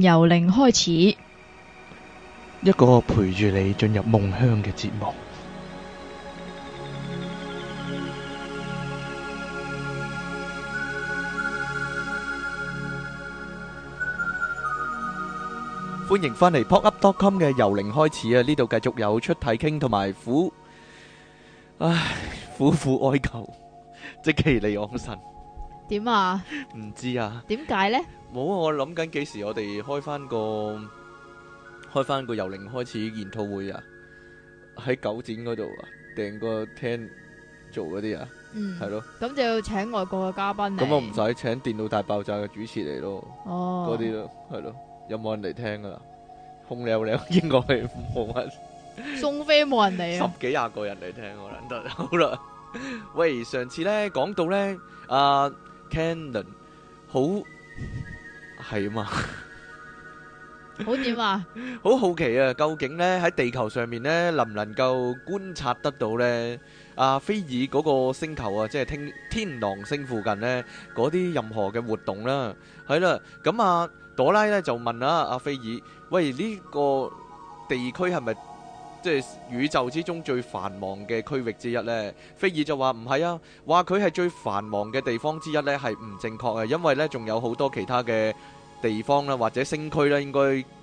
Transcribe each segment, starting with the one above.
由零開始，一個陪住你進入夢鄉嘅節目。歡迎返嚟 popup.com 嘅由零開始啊！呢度繼續有出體傾同埋苦，唉，苦苦哀求，即其利往神。點啊？唔知啊？點解咧？冇啊！我諗緊幾時我哋開翻個開翻個由零開始研討會啊！喺九展嗰度訂個廳做嗰啲啊，嗯，係咯。咁就要請外國嘅嘉賓嚟。咁我唔使請《電腦大爆炸》嘅主持嚟咯。哦。嗰啲咯，係咯，有冇人嚟聽噶啦？空寥寥應該冇乜。送飛冇人嚟。啊。十幾廿個人嚟聽，我諗得好啦。 喂，上次咧講到咧啊。呃 Canon 好係啊嘛，好點啊？好好奇啊，究竟咧喺地球上面咧，能唔能夠觀察得到咧？阿菲爾嗰個星球啊，即係天狼星附近咧，嗰啲任何嘅活動啦，係啦。咁阿朵拉咧就問啦：阿菲爾，喂，呢個地區係咪？即係宇宙之中最繁忙嘅區域之一呢，菲爾就話唔係啊，話佢係最繁忙嘅地方之一呢係唔正確嘅，因為呢仲有好多其他嘅地方啦，或者星區呢應該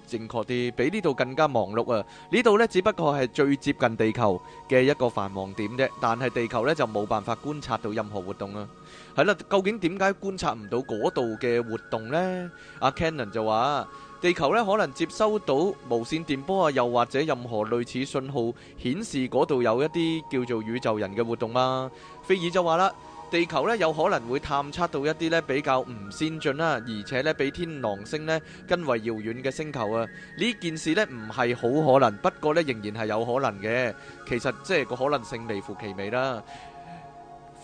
正確啲，比呢度更加忙碌啊！呢度呢只不過係最接近地球嘅一個繁忙點啫，但係地球呢就冇辦法觀察到任何活動啊！係啦，究竟點解觀察唔到嗰度嘅活動呢？阿 Cannon 就話。地球咧可能接收到無線電波啊，又或者任何類似信號顯示嗰度有一啲叫做宇宙人嘅活動啦、啊。菲爾就話啦，地球咧有可能會探測到一啲咧比較唔先進啦，而且咧比天狼星咧更為遙遠嘅星球啊。呢件事咧唔係好可能，不過咧仍然係有可能嘅。其實即係個可能性微乎其微啦。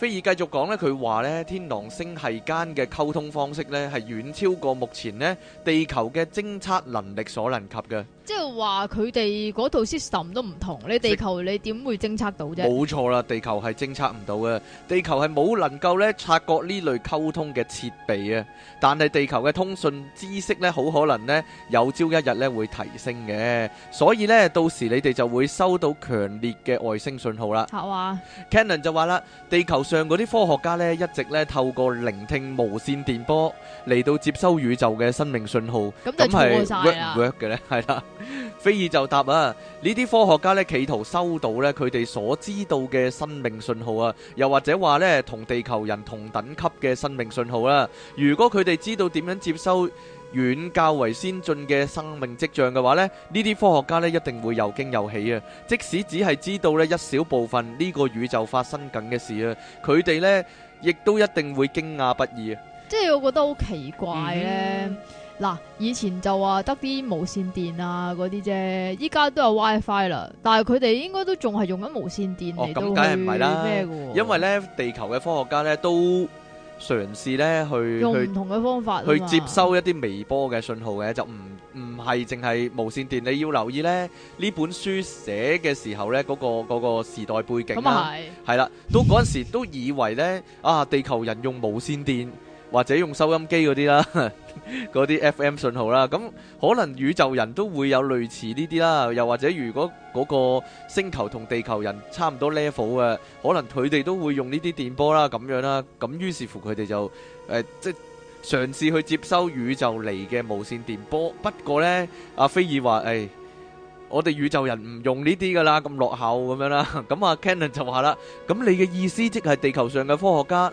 菲爾繼續講咧，佢話咧天狼星系間嘅溝通方式咧，係遠超過目前呢地球嘅偵測能力所能及嘅。即係話佢哋嗰套 system 都唔同，你地球你點會偵測到啫？冇錯啦，地球係偵測唔到嘅，地球係冇能夠咧察覺呢類溝通嘅設備啊。但係地球嘅通訊知識咧，好可能呢有朝一日咧會提升嘅，所以咧到時你哋就會收到強烈嘅外星信號啦。嚇話，Cannon 就話啦，地球上嗰啲科學家咧，一直咧透過聆聽無線電波嚟到接收宇宙嘅生命信號，咁係 work 唔 work 嘅咧？係啦，菲爾就答啊，呢啲科學家咧企圖收到咧佢哋所知道嘅生命信號啊，又或者話咧同地球人同等級嘅生命信號啦，啊。如果佢哋知道點樣接收，遠較為先進嘅生命跡象嘅話咧，呢啲科學家咧一定會又驚又喜啊！即使只係知道咧一小部分呢個宇宙發生緊嘅事啊，佢哋咧亦都一定會驚訝不已啊！即係我覺得好奇怪咧，嗱，以前就話得啲無線電啊嗰啲啫，依家都有 WiFi 啦，但係佢哋應該都仲係用緊無線電嚟都咩嘅，因為咧地球嘅科學家咧都。嘗試咧去用唔同嘅方法去接收一啲微波嘅信號嘅，就唔唔係淨係無線電。你要留意咧呢本書寫嘅時候呢、嗰個、嗰個時代背景係、啊、啦，都嗰陣時都以為呢啊，地球人用無線電。或者用收音機嗰啲啦，嗰 啲 FM 信號啦，咁可能宇宙人都會有類似呢啲啦。又或者如果嗰個星球同地球人差唔多 level 嘅，可能佢哋都會用呢啲電波啦，咁樣啦。咁於是乎佢哋就誒、呃、即嘗試去接收宇宙嚟嘅無線電波。不過呢，阿菲爾話：誒、哎，我哋宇宙人唔用呢啲噶啦，咁落後咁樣啦。咁阿 Cannon 就話啦：咁你嘅意思即係地球上嘅科學家？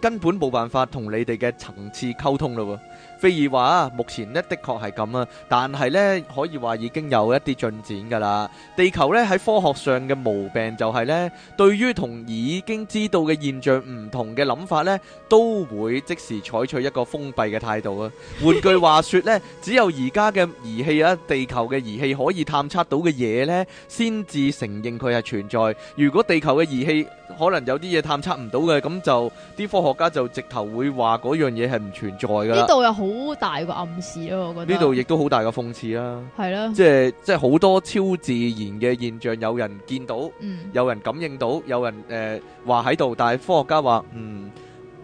根本冇辦法同你哋嘅層次溝通咯喎。菲爾話啊目前呢的確係咁啊，但係呢可以話已經有一啲進展㗎啦。地球呢喺科學上嘅毛病就係呢，對於同已經知道嘅現象唔同嘅諗法呢，都會即時採取一個封閉嘅態度啊。換句話說呢，只有而家嘅儀器啊，地球嘅儀器可以探測到嘅嘢呢，先至承認佢係存在。如果地球嘅儀器可能有啲嘢探測唔到嘅，咁就啲科學家就直頭會話嗰樣嘢係唔存在㗎啦。好大個暗示咯、啊，我覺得呢度亦都好大個諷刺啦、啊。係咯、就是，即係即係好多超自然嘅現象，有人見到、嗯，有人感應到，有人誒話喺度，但係科學家話，嗯，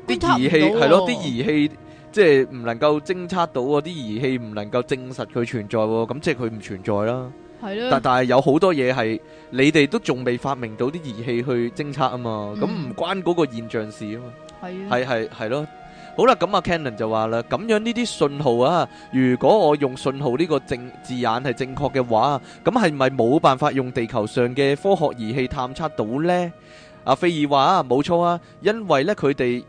啲儀器係咯，啲儀器、啊即係唔能夠偵測到，嗰啲儀器唔能夠證實佢存在、啊，咁即係佢唔存在啦、啊。係咯，但係有好多嘢係你哋都仲未發明到啲儀器去偵測啊嘛，咁唔關嗰個現象事啊嘛。係，係係係咯。好啦，咁阿，Cannon 就話啦，咁樣呢啲信號啊，如果我用信號呢個正字眼係正確嘅話，咁係咪冇辦法用地球上嘅科學儀器探測到呢？啊」阿菲爾話啊，冇錯啊，因為呢佢哋。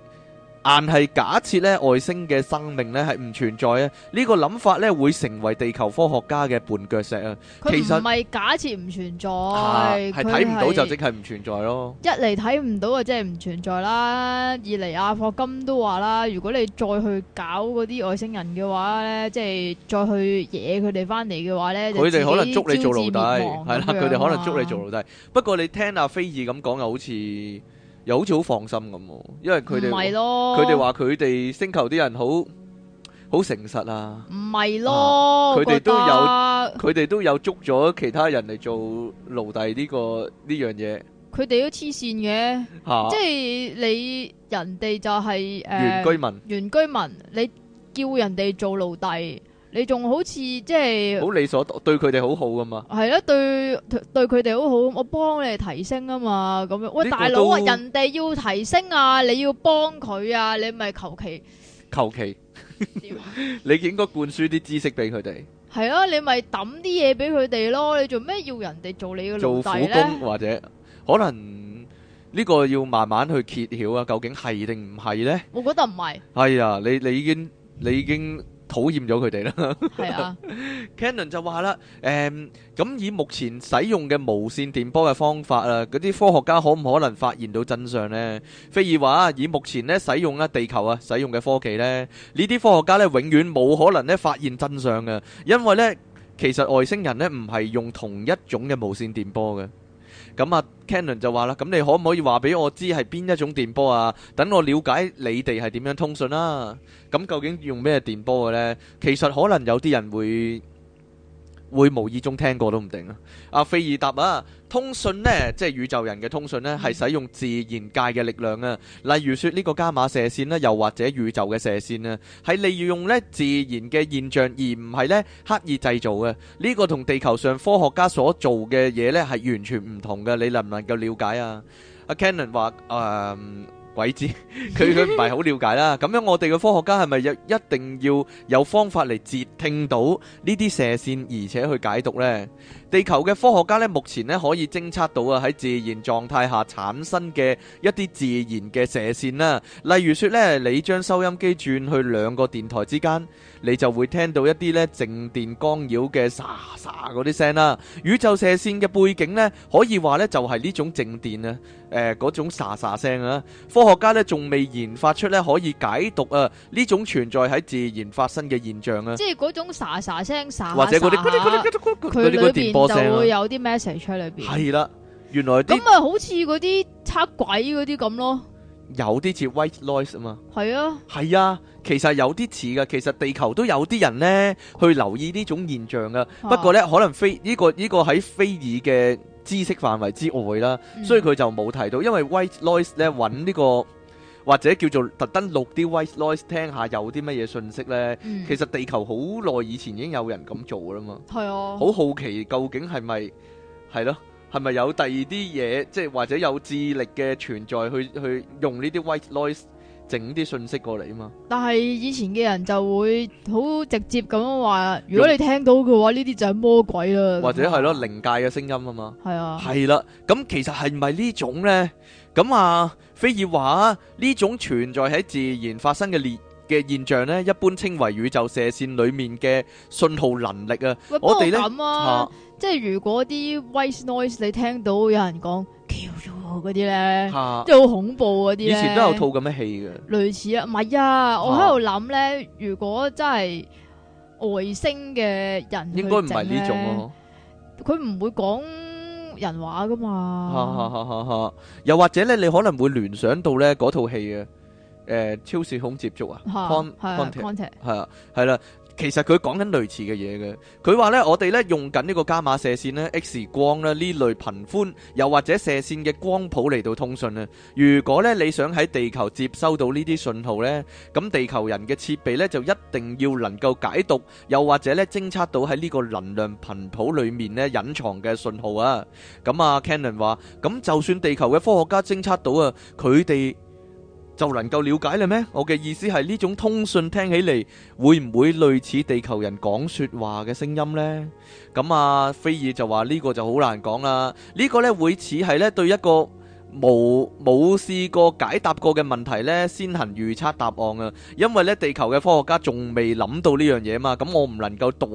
但係假設咧外星嘅生命咧係唔存在啊，呢、呢個諗法咧會成為地球科學家嘅絆腳石啊。其實唔係假設唔存在，係睇唔到就即係唔存，存在咯。一嚟睇唔到就即係唔存在啦。二嚟阿霍金都話啦，如果你再去搞嗰啲外星人嘅話咧，即係再去惹佢哋翻嚟嘅話咧，佢哋可能捉你做奴隸，係啦，佢哋可能捉你做奴隸。不過你聽阿菲爾咁講又好似。又好似好放心咁，因為佢哋佢哋話佢哋星球啲人好好誠實啊。唔係咯，佢哋都有佢哋都有捉咗其他人嚟做奴隸呢個呢樣嘢。佢哋都黐線嘅，即係你人哋就係誒，原居民，原居民你叫人哋做奴隸。你仲好似即係好理所，對佢哋好好噶嘛？係啊，對對佢哋好好，我幫你提升啊嘛咁樣。喂，大佬啊，人哋要提升啊，你要幫佢啊，你咪求其求其。你應該灌輸啲知識俾佢哋。係啊，你咪揼啲嘢俾佢哋咯。你做咩要人哋做你嘅奴隸咧？做苦工或者可能呢個要慢慢去揭曉啊，究竟係定唔係咧？我覺得唔係。係啊，你你已經你已經。討厭咗佢哋啦。係啊，Cannon 就話啦，誒咁以目前使用嘅無線電波嘅方法啊，嗰啲科學家可唔可能發現到真相咧？菲爾話啊，以目前咧使用啊地球啊使用嘅科技咧，呢啲科學家咧永遠冇可能咧發現真相嘅，因為咧其實外星人咧唔係用同一種嘅無線電波嘅。咁啊，Cannon 就話啦，咁你可唔可以話俾我知係邊一種電波啊？等我瞭解你哋係點樣通訊啦。咁究竟用咩電波嘅呢？其實可能有啲人會會無意中聽過都唔定啊！阿費爾達啊，通訊呢，即係宇宙人嘅通訊呢，係使用自然界嘅力量啊，例如說呢個伽馬射線啦，又或者宇宙嘅射線啦，係利用呢自然嘅現象，而唔係呢刻意製造嘅。呢個同地球上科學家所做嘅嘢呢係完全唔同嘅。你能唔能夠了解啊？阿 Kennan 話誒。鬼知佢，佢唔係好了解啦。咁樣我哋嘅科學家係咪一定要有方法嚟截聽到呢啲射線，而且去解讀呢？地球嘅科學家咧，目前咧可以偵測到啊喺自然狀態下產生嘅一啲自然嘅射線啦。例如說咧，你將收音機轉去兩個電台之間，你就會聽到一啲咧靜電干擾嘅沙沙嗰啲聲啦。宇宙射線嘅背景咧，可以話咧就係呢種靜電啊，誒、呃、嗰種沙沙聲啊。科學家咧仲未研發出咧可以解讀啊呢種存在喺自然發生嘅現象啊。即係嗰種沙沙聲，沙或者嗰啲嗰啲電波。就會有啲 message 出嚟，係啦，原來咁咪好似嗰啲測鬼嗰啲咁咯，有啲似 white noise 啊嘛，係啊，係啊，其實有啲似噶，其實地球都有啲人咧去留意呢種現象噶、啊，不過咧可能非呢、這個呢、這個喺非爾嘅知識範圍之外啦，嗯、所以佢就冇提到，因為 white noise 咧搵呢、這個。或者叫做特登錄啲 white noise，聽下有啲乜嘢信息咧，其實地球好耐以前已經有人咁做㗎啦嘛。係啊，好好奇究竟係咪係咯？係咪有第二啲嘢，即係或者有智力嘅存在去去用呢啲 white noise 整啲信息過嚟啊嘛？但係以前嘅人就會好直接咁樣話，如果你聽到嘅話，呢啲就係魔鬼啦，或者係咯靈界嘅聲音啊嘛。係啊，係啦，咁其實係咪呢種咧？咁啊，菲爾話呢種存在喺自然發生嘅列嘅現象咧，一般稱為宇宙射線裏面嘅信號能力啊。我哋咧，即係如果啲 voice noise 你聽到有人講，叫咗我嗰啲咧，即係好恐怖嗰啲，以前都有套咁嘅戲嘅。類似啊，唔係啊，我喺度諗咧，如果真係外星嘅人，應該唔係呢種咯，啊，佢唔會講。人話噶嘛、啊啊啊啊啊，又或者咧，你可能會聯想到咧嗰套戲啊、欸，超時空接觸啊 c 係啊，係啦。Ponte, Ponte 其實佢講緊類似嘅嘢嘅，佢話呢，我哋呢用緊呢個伽瑪射線呢 X 光呢，呢類頻寬，又或者射線嘅光譜嚟到通訊。如果呢你想喺地球接收到呢啲信號呢，咁地球人嘅設備呢，就一定要能夠解讀，又或者呢偵測到喺呢個能量頻譜裏面呢隱藏嘅信號啊。咁啊 Canon 話，咁就算地球嘅科學家偵測到啊，佢哋。就能夠了解嘞咩？我嘅意思係呢種通訊聽起嚟會唔會類似地球人講說話嘅聲音呢？咁啊，菲爾就話呢個就好難講啦。呢、呢個呢會似係呢對一個。冇冇試過解答過嘅問題呢，先行預測答案啊！因為呢，地球嘅科學家仲未諗到呢樣嘢啊嘛，咁我唔能夠代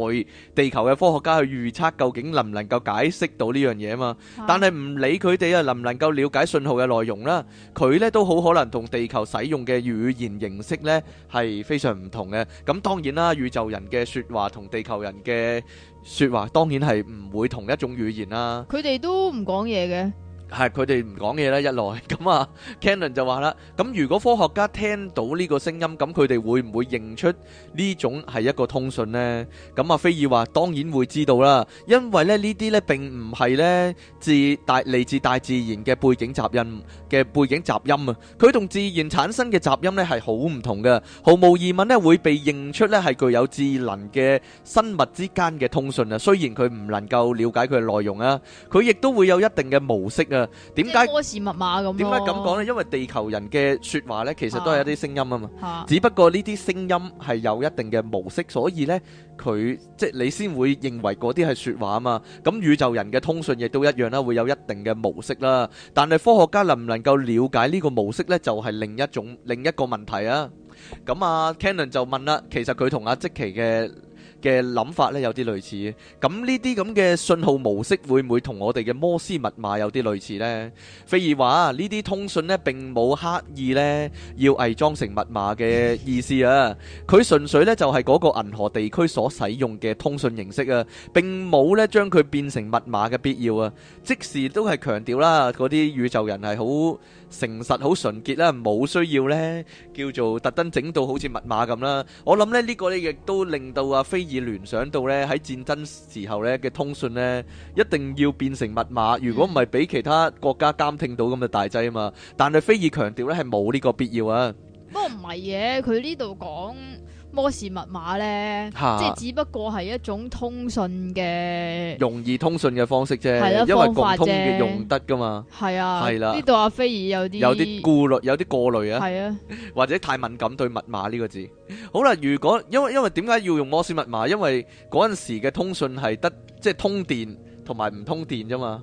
地球嘅科學家去預測究竟能唔能夠解釋到呢樣嘢啊嘛。但係唔理佢哋啊，能唔能夠了解信號嘅內容啦？佢呢都好可能同地球使用嘅語言形式呢係非常唔同嘅。咁當然啦，宇宙人嘅説話同地球人嘅説話當然係唔會同一種語言啦。佢哋都唔講嘢嘅。係佢哋唔講嘢啦一來，咁啊，Cannon 就話啦，咁如果科學家聽到呢個聲音，咁佢哋會唔會認出呢種係一個通訊咧？咁啊，菲爾話當然會知道啦，因為咧呢啲咧並唔係咧自大嚟自大自然嘅背景雜音嘅背景雜音啊，佢同自然產生嘅雜音咧係好唔同嘅，毫無疑問咧會被認出咧係具有智能嘅生物之間嘅通訊啊，雖然佢唔能夠了解佢嘅內容啊，佢亦都會有一定嘅模式啊。點解？點解咁講呢？因為地球人嘅說話呢，其實都係一啲聲音啊嘛。只不過呢啲聲音係有一定嘅模式，所以呢佢即係你先會認為嗰啲係說話啊嘛。咁宇宙人嘅通訊亦都一樣啦，會有一定嘅模式啦。但係科學家能唔能夠了解呢個模式呢，就係另一種另一個問題啊。咁啊，Cannon 就問啦，其實佢同阿積奇嘅。嘅諗法咧有啲類似嘅，咁呢啲咁嘅信號模式會唔會同我哋嘅摩斯密碼有啲類似咧？菲爾話啊，呢啲通訊咧並冇刻意咧要偽裝成密碼嘅意思啊，佢純粹咧就係嗰個銀河地區所使用嘅通訊形式啊，並冇咧將佢變成密碼嘅必要啊。即使都係強調啦，嗰啲宇宙人係好誠實、好純潔啦，冇需要咧叫做特登整到好似密碼咁啦。我諗咧呢個咧亦都令到阿菲。而聯想到咧喺戰爭時候咧嘅通訊咧一定要變成密碼，如果唔係俾其他國家監聽到咁就大劑啊嘛！但係菲爾強調咧係冇呢個必要啊。不過唔係嘢，佢呢度講。摩斯密碼咧，即係只不過係一種通訊嘅容易通訊嘅方式啫，因為咁通嘅用得㗎嘛。係啊，係啦，呢度阿菲爾有啲有啲顧慮，有啲過濾啊，或者太敏感對密碼呢個字。好啦，如果因為因為點解要用摩斯密碼？因為嗰陣時嘅通訊係得即係通電同埋唔通電啫嘛。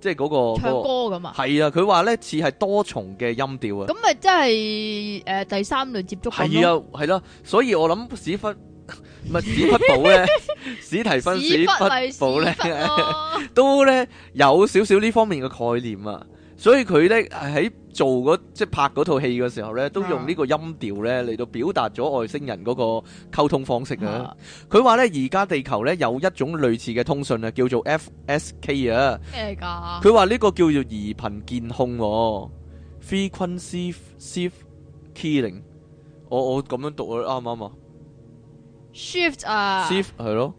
即係嗰、那個唱歌咁啊，係、那、啊、個，佢話咧似係多重嘅音調啊。咁咪即係誒第三類接觸係啊，係咯，所以我諗史忽咪係史忽寶咧，史提芬史忽寶咧， 呢呢 都咧有少少呢方面嘅概念啊，所以佢咧喺。做嗰即係拍嗰套戲嘅時候咧，都用呢個音調咧嚟到表達咗外星人嗰個溝通方式嘅。佢話咧而家地球咧有一種類似嘅通訊啊，叫做 FSK 啊。咩噶？佢話呢個叫做移頻鍵控，Frequency Shift Keying。我我咁樣讀啊啱唔啱啊？Shift 啊？Shift 係咯。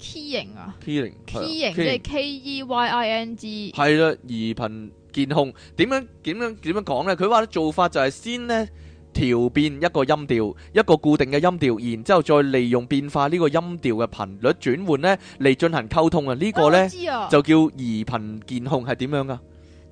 Keying 啊？Keying。Keying 即係 K E Y I N G。係啦，移頻。鍵控點樣點樣點樣講咧？佢話咧，做法就係先咧調變一個音調，一個固定嘅音調，然之後再利用變化呢個音調嘅頻率轉換咧嚟進行溝通啊！呢個咧就叫移頻鍵控係點樣噶？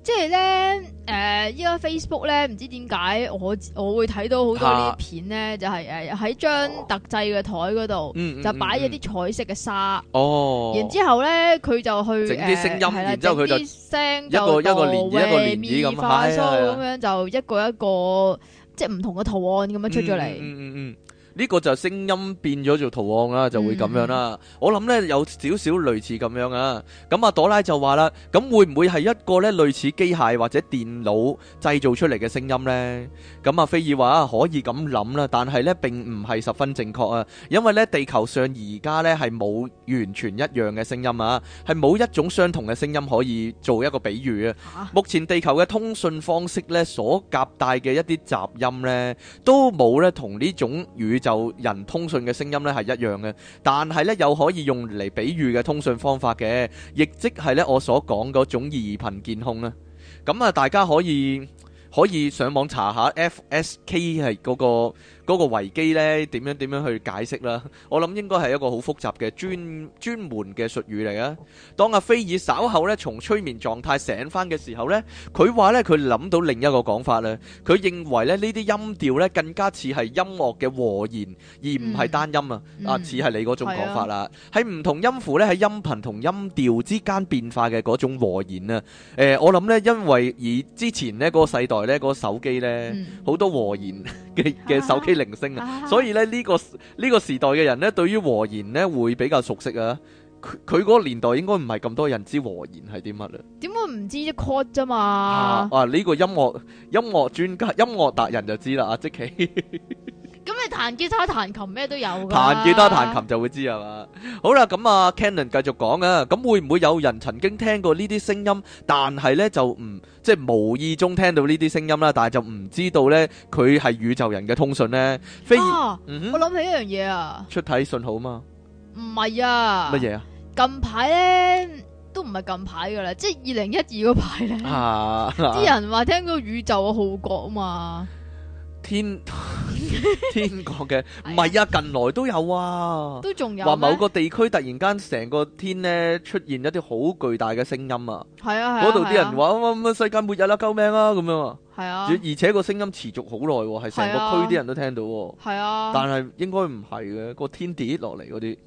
即係咧，誒依家 Facebook 咧，唔知點解我我會睇到好多呢啲片咧，就係誒喺張特製嘅台嗰度，嗯嗯、就擺咗啲彩色嘅沙，嗯嗯嗯哦、然之後咧佢就去誒，呃、聲音然之後佢就一個一個連一個連咁，快速咁樣就一個一個即係唔同嘅圖案咁樣出咗嚟。嗯嗯嗯嗯呢個就聲音變咗做圖案啦，就會咁樣啦。我諗咧有少少類似咁樣啊。咁阿朵拉就話啦，咁會唔會係一個咧類似機械或者電腦製造出嚟嘅聲音咧？咁阿菲爾話啊，可以咁諗啦，但係咧並唔係十分正確啊，因為咧地球上而家咧係冇完全一樣嘅聲音啊，係冇一種相同嘅聲音可以做一個比喻啊。目前地球嘅通訊方式咧所夾帶嘅一啲雜音咧，都冇咧同呢種語言。就人通訊嘅聲音咧係一樣嘅，但係咧又可以用嚟比喻嘅通訊方法嘅，亦即係咧我所講嗰種移頻鍵控啦。咁啊，大家可以可以上網查下 FSK 係嗰個。嗰個維基咧點樣點樣去解釋啦？我諗應該係一個好複雜嘅專專門嘅術語嚟啊！當阿菲爾稍後咧從催眠狀態醒翻嘅時候咧，佢話咧佢諗到另一個講法啦。佢認為咧呢啲音調咧更加似係音樂嘅和弦，而唔係單音啊！啊，似係你嗰種講法啦。喺唔同音符咧喺音頻同音調之間變化嘅嗰種和弦啊！誒，我諗咧因為而之前咧嗰個世代咧嗰個手機咧好多和弦嘅手機鈴聲啊，所以咧、這、呢個呢、這個時代嘅人咧，對於和弦咧會比較熟悉啊。佢佢嗰個年代應該唔係咁多人知和弦係啲乜啦。點會唔知？啲 chord 啫嘛。啊、呢、啊這個音樂音樂專家、音樂達人就知啦。阿、啊、即琪。 彈吉他、彈琴咩都有噶、啊。彈吉他、彈琴就會知係嘛。好啦，咁啊 Cannon 繼續講啊。咁、啊、會唔會有人曾經聽過呢啲聲音？但係咧就唔即係無意中聽到呢啲聲音啦。但係就唔知道咧佢係宇宙人嘅通訊咧。非、啊嗯、我諗起一樣嘢啊。出體信號啊嘛。唔係啊。乜嘢啊？近排咧都唔係近排噶啦，即係二零一二嗰排咧。啲、啊、人話聽到宇宙嘅號角啊嘛。 天天國嘅唔係啊，近來都有啊，都仲有話某個地區突然間成個天咧出現一啲好巨大嘅聲音啊，係啊，嗰度啲人話、啊啊、世界末日啦、啊，救命啊！咁樣啊，係啊，而且個聲音持續好耐、啊，係成個區啲人都聽到、啊，係啊,啊，但係應該唔係嘅，個天跌落嚟嗰啲，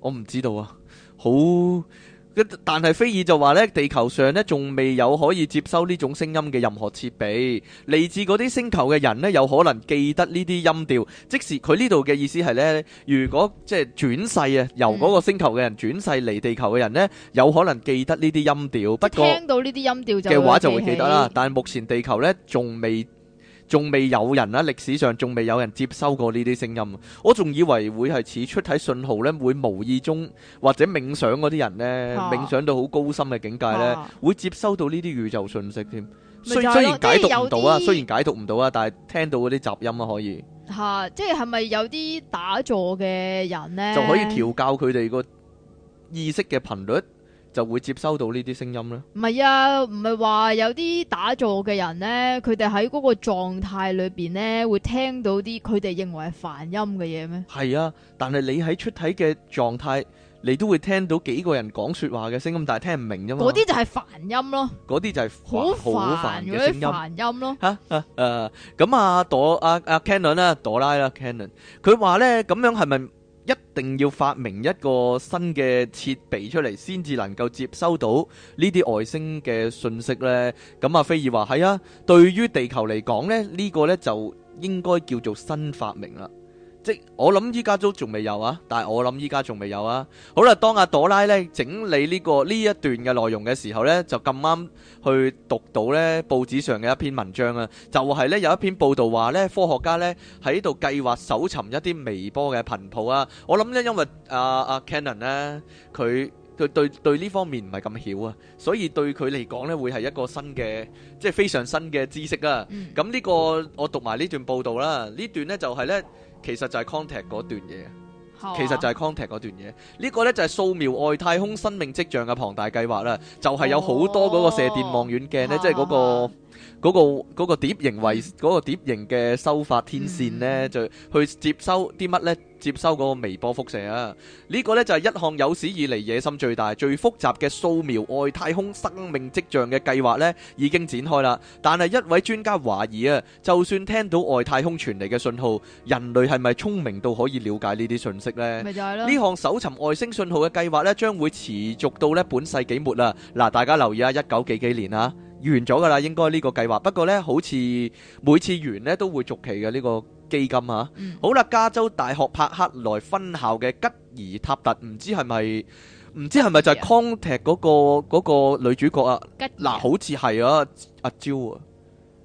我唔知道啊，好。但係菲爾就話呢，地球上呢仲未有可以接收呢種聲音嘅任何設備，嚟自嗰啲星球嘅人呢有可能記得呢啲音調。即使佢呢度嘅意思係呢，如果即係轉世啊，由嗰個星球嘅人轉世嚟地球嘅人呢，有可能記得呢啲音調。不過聽到呢啲音調嘅話就會記得啦，但係目前地球呢仲未。仲未有人啦！歷史上仲未有人接收過呢啲聲音。我仲以為會係似出體信號呢，會無意中或者冥想嗰啲人呢，冥想到好高深嘅境界呢，會接收到呢啲宇宙信息添。雖雖然解讀唔到啊，雖然解讀唔到啊，但係聽到嗰啲雜音啊，可以嚇，即係係咪有啲打坐嘅人呢？就可以調教佢哋個意識嘅頻率。就會接收到呢啲聲音啦？唔係啊，唔係話有啲打坐嘅人咧，佢哋喺嗰個狀態裏邊咧，會聽到啲佢哋認為係煩音嘅嘢咩？係啊，但係你喺出體嘅狀態，你都會聽到幾個人講說話嘅聲音，但係聽唔明啫嘛。嗰啲就係煩音咯。嗰啲就係好煩嘅啲煩音咯。吓誒，咁、呃、啊朵啊啊 Cannon 啦，朵、啊、拉啦 Cannon，佢話咧咁樣係咪？一定要發明一個新嘅設備出嚟，先至能夠接收到呢啲外星嘅信息呢，咁啊，菲爾話：係啊，對於地球嚟講咧，呢、呢個呢就應該叫做新發明啦。即我諗依家都仲未有啊，但係我諗依家仲未有啊。好啦，當阿朵拉咧整理呢、呢個呢一段嘅內容嘅時候咧，就咁啱去讀到咧報紙上嘅一篇文章啊，就係、是、咧有一篇報道話咧科學家咧喺度計劃搜尋一啲微波嘅頻譜啊。我諗咧，因為阿阿 Canon 咧，佢、啊、佢對對呢方面唔係咁曉啊，所以對佢嚟講咧會係一個新嘅，即、就、係、是、非常新嘅知識啊。咁呢、呢個我讀埋呢段報道啦，段呢段咧就係、是、咧。其實就係 contact 嗰段嘢、啊，其實就係 contact 嗰段嘢。呢、呢個咧就係掃描外太空生命跡象嘅龐大計劃啦，就係、係、有好多嗰個射電望遠鏡咧，即係嗰個。嗰個嗰個碟形衛嗰個碟形嘅收發天線咧，就去接收啲乜咧？接收嗰個微波輻射啊！呢個咧就係一項有史以來野心最大、最複雜嘅掃描外太空生命跡象嘅計劃咧，已經展開啦。但係一位專家懷疑啊，就算聽到外太空傳嚟嘅信號，人類係咪聰明到可以了解呢啲信息咧？咪就係咯！呢項搜尋外星信號嘅計劃咧，將會持續到咧本世紀末啦。嗱，大家留意啊，一九幾幾年啊！完咗噶啦，應該呢個計劃。不過呢，好似每次完呢都會續期嘅呢個基金嚇、啊嗯。好啦，加州大學柏克萊分校嘅吉兒塔特，唔知係咪唔知係咪就係 Contact 嗰個嗰、嗰個女主角啊？嗱、啊，好似係啊，阿啊 Jill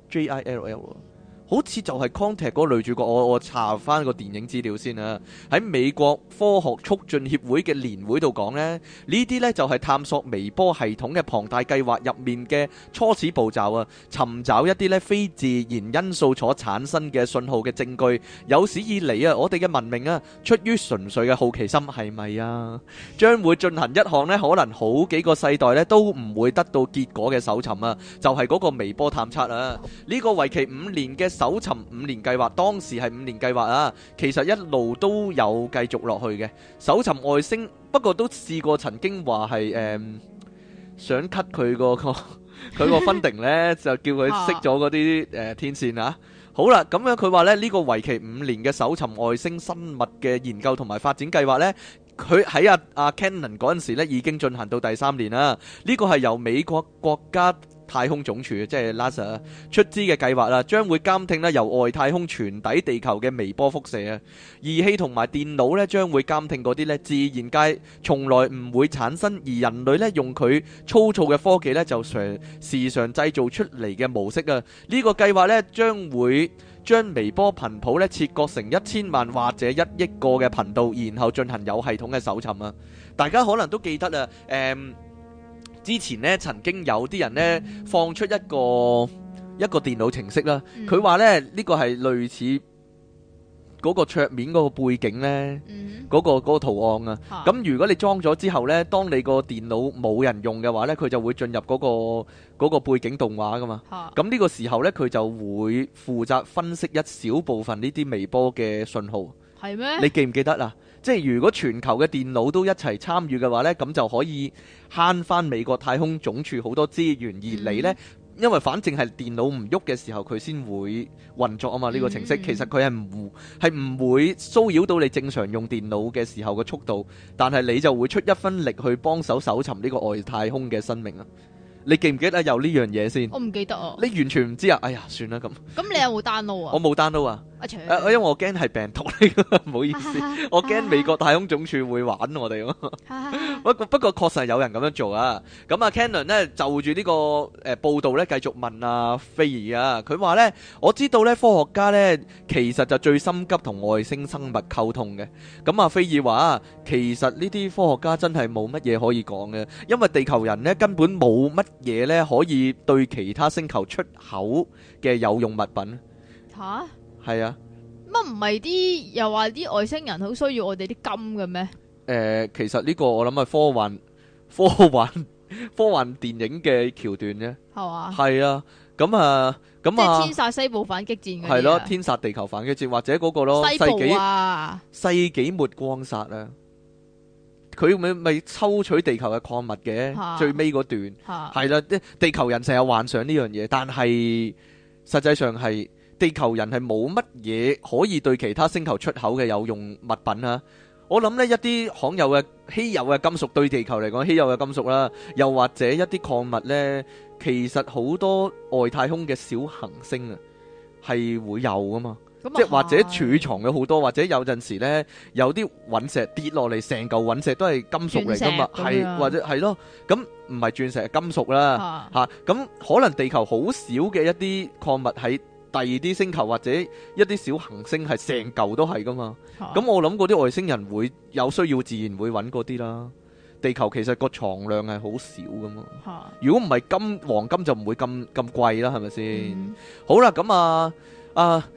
J-I-L-L。好似就係 contact 嗰女主角，我我查翻個電影資料先啊，喺美國科學促進協會嘅年會度講咧，呢啲咧就係探索微波系統嘅龐大計劃入面嘅初始步驟啊！尋找一啲咧非自然因素所產生嘅信號嘅證據，有史以嚟啊，我哋嘅文明啊，出於純粹嘅好奇心係咪啊？將會進行一項咧，可能好幾個世代咧都唔會得到結果嘅搜尋啊！就係嗰個微波探測啊！呢個為期五年嘅搜尋五年計劃當時係五年計劃啊，其實一路都有繼續落去嘅搜尋外星，不過都試過曾經話係誒想 cut 佢個佢個 funding 咧，就叫佢熄咗嗰啲誒天線啊。好啦，咁樣佢話咧呢個為期五年嘅搜尋外星生物嘅研究同埋發展計劃咧，佢喺阿阿 Cannon 嗰陣時咧已經進行到第三年啦。呢個係由美國國家。太空總署即係 NASA 出資嘅計劃啦，將會監聽咧由外太空傳抵地球嘅微波輻射啊！儀器同埋電腦咧將會監聽嗰啲咧自然界從來唔會產生，而人類咧用佢粗糙嘅科技咧就常時常製造出嚟嘅模式啊！呢、這個計劃咧將會將微波頻譜咧切割成一千萬或者一億個嘅頻道，然後進行有系統嘅搜尋啊！大家可能都記得啊，誒、嗯。之前呢，曾經有啲人呢放出一個一個電腦程式啦。佢話呢，呢個係類似嗰個桌面嗰個背景呢，嗰個嗰個圖案啊。咁如果你裝咗之後呢，當你個電腦冇人用嘅話呢，佢就會進入嗰個嗰個背景動畫㗎嘛。咁呢個時候呢，佢就會負責分析一小部分呢啲微波嘅信號。係咩？你記唔記得啊？即係如果全球嘅電腦都一齊參與嘅話呢，咁就可以慳翻美國太空總署好多資源。而你呢，因為反正係電腦唔喐嘅時候，佢先會運作啊嘛。呢個程式其實佢係唔係唔會騷擾到你正常用電腦嘅時候嘅速度，但係你就會出一分力去幫手搜尋呢個外太空嘅生命。你記唔記得有呢樣嘢先？我唔記得啊！你完全唔知啊！哎呀，算啦咁。咁你有冇 download 啊？我冇 download 啊！阿卓，誒，因為我驚係病毒呢個，唔好意思，我驚美國太空總署會玩我哋咯。不過不過確實係有人咁樣做啊！咁啊，Cannon 咧就住呢個誒報道咧，繼續問阿菲爾啊。佢話咧，我知道咧，科學家咧其實就最心急同外星生物溝通嘅。咁啊，菲爾話啊，其實呢啲科學家真係冇乜嘢可以講嘅，因為地球人咧根本冇乜。嘢咧可以對其他星球出口嘅有用物品？吓，係啊，乜唔係啲又話啲外星人好需要我哋啲金嘅咩？誒、呃,其實呢個我諗係科幻、科幻、科幻電影嘅橋段啫，係嘛？係啊，咁啊，咁啊，啊，天煞西部反擊戰嘅係咯，天煞地球反擊戰或者嗰個咯，世紀世紀末光殺啊！佢咪咪抽取地球嘅礦物嘅、啊，最尾嗰段係啦、啊，地球人成日幻想呢樣嘢，但係實際上係地球人係冇乜嘢可以對其他星球出口嘅有用物品啊！我諗呢一啲罕有嘅稀有嘅金屬對地球嚟講稀有嘅金屬啦，又或者一啲礦物呢，其實好多外太空嘅小行星啊，係會有噶嘛。即係或者儲藏咗好多，或者有陣時呢，有啲隕石跌落嚟，成嚿隕石都係金屬嚟噶嘛，係、啊、或者係咯，咁唔係鑽石係金屬啦吓，咁、啊啊嗯、可能地球好少嘅一啲礦物喺第二啲星球或者一啲小行星係成嚿都係噶嘛，咁、啊嗯、我諗嗰啲外星人會有需要，自然會搵嗰啲啦。地球其實個藏量係好少噶嘛，啊、如果唔係金黃金就唔會咁咁貴啦，係咪先？嗯、好啦，咁啊啊。嗯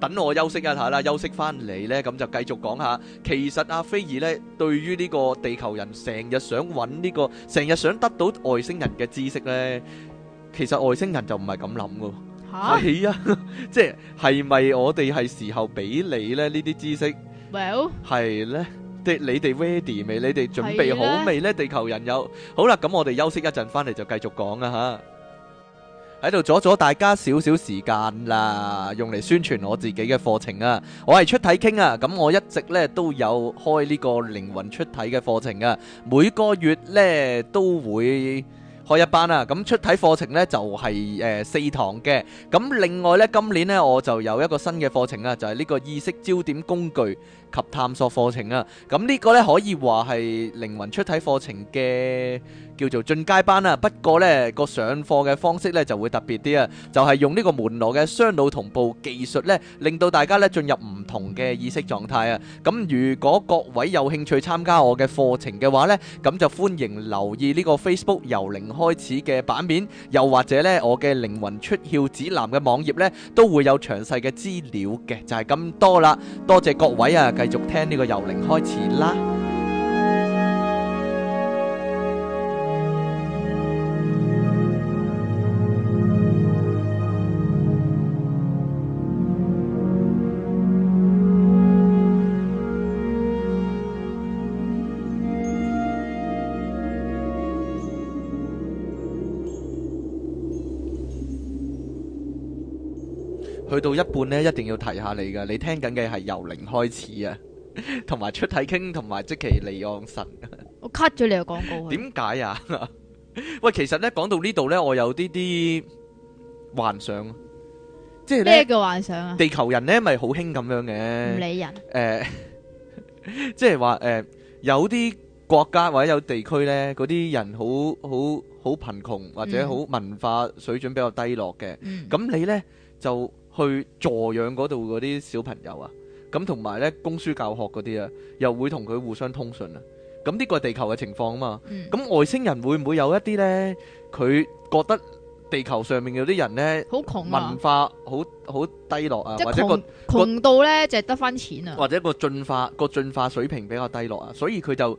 等我休息一下啦，休息翻嚟咧，咁就繼續講下。其實阿菲爾咧，對於呢個地球人成日想搵呢個，成日想得到外星人嘅知識咧，其實外星人就唔係咁諗噶。吓，係啊，即係係咪我哋係時候俾你咧呢啲知識？Well，係咧，即你哋 ready 未？你哋準備好未咧？地球人有好啦，咁我哋休息一陣，翻嚟就繼續講啊吓。喺度阻咗大家少少時間啦，用嚟宣傳我自己嘅課程啊！我係出體傾啊，咁我一直咧都有開呢個靈魂出體嘅課程啊，每個月咧都會開一班啊，咁出體課程呢就係誒四堂嘅。咁另外呢，今年呢我就有一個新嘅課程啊，就係呢個意識焦點工具及探索課程啊。咁呢個呢可以話係靈魂出體課程嘅。叫做進階班啦，不過呢個上課嘅方式呢就會特別啲啊，就係用呢個門羅嘅雙腦同步技術呢，令到大家呢進入唔同嘅意識狀態啊。咁如果各位有興趣參加我嘅課程嘅話呢，咁就歡迎留意呢個 Facebook 由零開始嘅版面，又或者呢我嘅靈魂出竅指南嘅網頁呢都會有詳細嘅資料嘅，就係咁多啦。多謝各位啊，繼續聽呢個由零開始啦。去到一半咧，一定要提下你噶。你聽緊嘅係由零開始啊，同埋出體傾，同埋即其利安神、啊。我 cut 咗你個廣告啊，點解啊？喂，其實咧講到呢度咧，我有啲啲幻想，啊、就是，即係咩叫幻想啊？地球人咧，咪好興咁樣嘅。唔理人。誒、欸，即係話誒，有啲國家或者有地區咧，嗰啲人好好好貧窮或者好文化水準比較低落嘅。嗯。咁你咧就。去助養嗰度嗰啲小朋友啊，咁同埋咧供書教學嗰啲啊，又會同佢互相通訊啊。咁呢個係地球嘅情況啊嘛。咁、嗯嗯、外星人會唔會有一啲咧？佢覺得地球上面有啲人咧，好窮啊，文化好好低落啊，或者個窮到咧就係得返錢啊，或者個進化個進化水平比較低落啊，所以佢就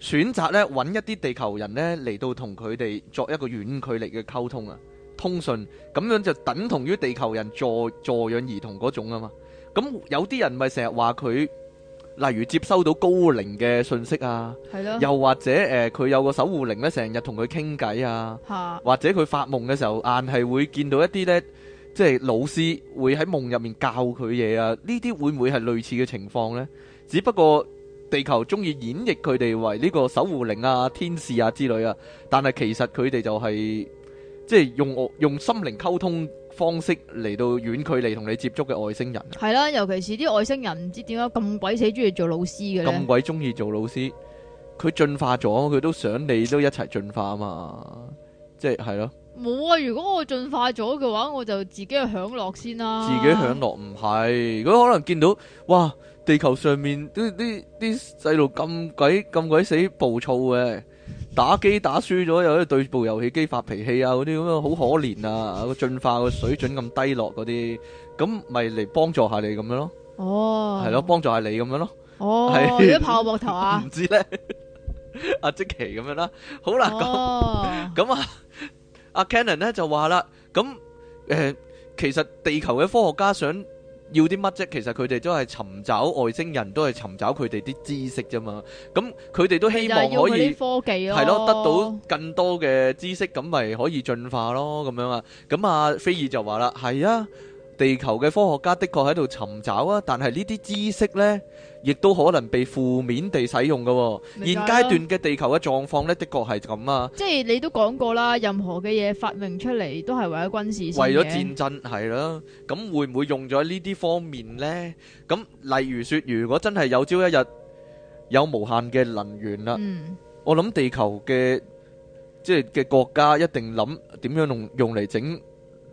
選擇咧揾一啲地球人咧嚟到同佢哋作一個遠距離嘅溝通啊。通訊咁樣就等同於地球人助助養兒童嗰種啊嘛！咁有啲人咪成日話佢，例如接收到高靈嘅信息啊，係咯，又或者誒佢有個守護靈咧，成日同佢傾偈啊，嚇，或者佢發夢嘅時候，硬係會見到一啲咧，即係老師會喺夢入面教佢嘢啊，呢啲會唔會係類似嘅情況咧？只不過地球鍾意演繹佢哋為呢個守護靈啊、天使啊之類啊，但係其實佢哋就係。即係用我用心靈溝通方式嚟到遠距離同你接觸嘅外星人。係啦，尤其是啲外星人唔知點解咁鬼死中意做老師嘅。咁鬼中意做老師，佢進化咗，佢都想你都一齊進化啊嘛！即係係咯。冇啊！如果我進化咗嘅話，我就自己去享樂先啦。自己享樂唔係，如果可能見到哇，地球上面啲啲啲細路咁鬼咁鬼死暴躁嘅。打機打輸咗，又有啲對部遊戲機發脾氣啊，嗰啲咁樣好可憐啊！個進化個水準咁低落嗰啲，咁咪嚟幫助下你咁樣咯。哦，係咯，幫助下你咁樣咯。哦，係，你都拍我膊頭啊？唔 知咧道，阿 積、啊、奇咁樣啦。好啦，咁、哦、咁啊，阿、啊、Canon 咧就話啦，咁誒、呃，其實地球嘅科學家想。要啲乜啫？其實佢哋都係尋找外星人，都係尋找佢哋啲知識啫嘛。咁佢哋都希望可以，科技咯，係咯、啊，得到更多嘅知識，咁咪可以進化咯。咁樣啊，咁阿菲爾就話啦：係啊。地球嘅科學家的確喺度尋找啊，但係呢啲知識呢亦都可能被負面地使用嘅、啊。現階段嘅地球嘅狀況呢，的確係咁啊。即係你都講過啦，任何嘅嘢發明出嚟都係為咗軍事先嘅，為咗戰爭係啦，咁會唔會用咗呢啲方面呢？咁例如說，如果真係有朝一日有無限嘅能源啦、嗯，我諗地球嘅即係嘅國家一定諗點樣用用嚟整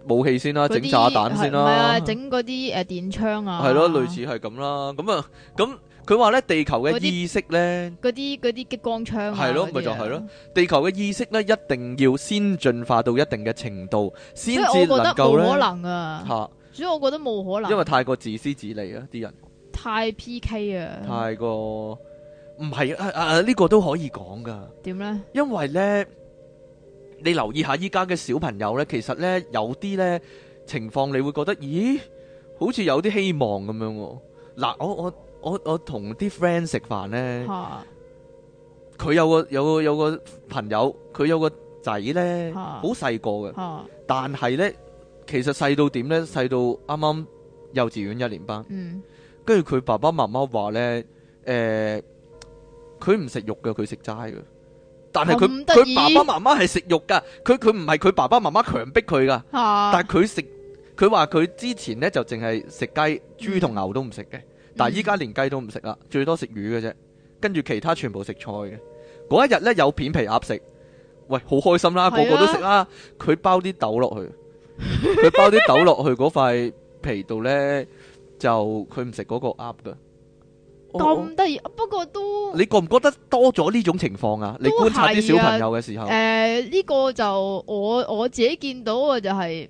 武器先啦，整炸彈先啦，整嗰啲誒電槍啊，係咯、啊啊呃啊啊，類似係咁啦，咁啊，咁佢話咧，地球嘅意識咧，嗰啲啲激光槍係咯，咪就係咯，地球嘅意識咧、啊啊啊就是啊啊、一定要先進化到一定嘅程度，先至能夠咧，吓、啊啊，所以我覺得冇可能，因為太過自私自利啊，啲人太 PK 啊、嗯，太過唔係啊啊呢、這個都可以講噶，點咧？因為咧。你留意下依家嘅小朋友呢，其實呢，有啲呢情況，你會覺得咦，好似有啲希望咁樣，哦。嗱，我我我我同啲 friend 食飯呢，佢有個有個有個朋友，佢有個仔呢，好細個嘅，但係呢，其實細到點呢？細到啱啱幼稚園一年班。嗯，跟住佢爸爸媽媽話呢，誒、呃，佢唔食肉嘅，佢食齋嘅。但係佢佢爸爸媽媽係食肉噶，佢佢唔係佢爸爸媽媽強迫佢噶、啊，但係佢食佢話佢之前呢就淨係食雞、豬同牛都唔食嘅，但係依家連雞都唔食啦，最多食魚嘅啫，跟住其他全部食菜嘅。嗰一日呢，有片皮鴨食，喂，好開心啦，個個都食啦。佢、啊、包啲豆落去，佢 包啲豆落去嗰塊皮度呢，就佢唔食嗰個鴨噶。咁得意，不過都你覺唔覺得多咗呢種情況啊？你觀察啲小朋友嘅時候，誒、呃，呢、這個就我我自己見到嘅就係、是，誒、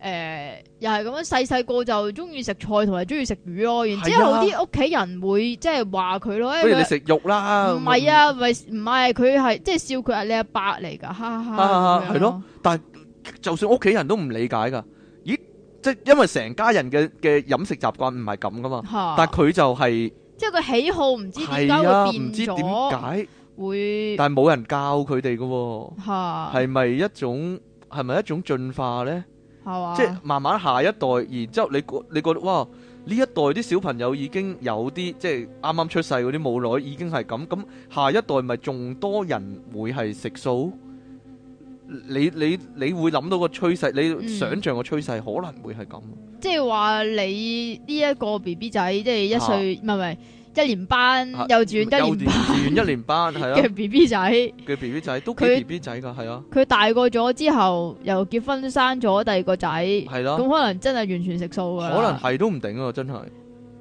呃，又係咁樣，細細個就中意食菜同埋中意食魚咯。然後之後啲屋企人會是、啊、即係話佢咯，不如你食肉啦。唔係啊，唔係佢係即係笑佢係你阿伯嚟噶，哈哈哈。係、啊、咯、啊啊啊啊，但係就算屋企人都唔理解噶，咦，即係因為成家人嘅嘅飲食習慣唔係咁噶嘛，但係佢就係、是。即係佢喜好唔知點解會變咗解會？但係冇人教佢哋嘅喎。係咪一種係咪一種進化呢？係嘛？即係慢慢下一代，然之後你覺你覺得哇，呢一代啲小朋友已經有啲即係啱啱出世嗰啲母女已經係咁，咁下一代咪仲多人會係食素？你你你會諗到個趨勢，你想象個趨勢、嗯、可能會係咁。即係話你呢一個 B B 仔，即、就、係、是、一歲，唔係唔係，一年班幼稚園一年，啊、一年班係 寶 啊。嘅 B B 仔，嘅 B B 仔都佢 B B 仔噶係啊。佢大個咗之後又結婚生咗第二個仔，係啦、啊。咁可能真係完全食素噶，可能係都唔定啊，真係。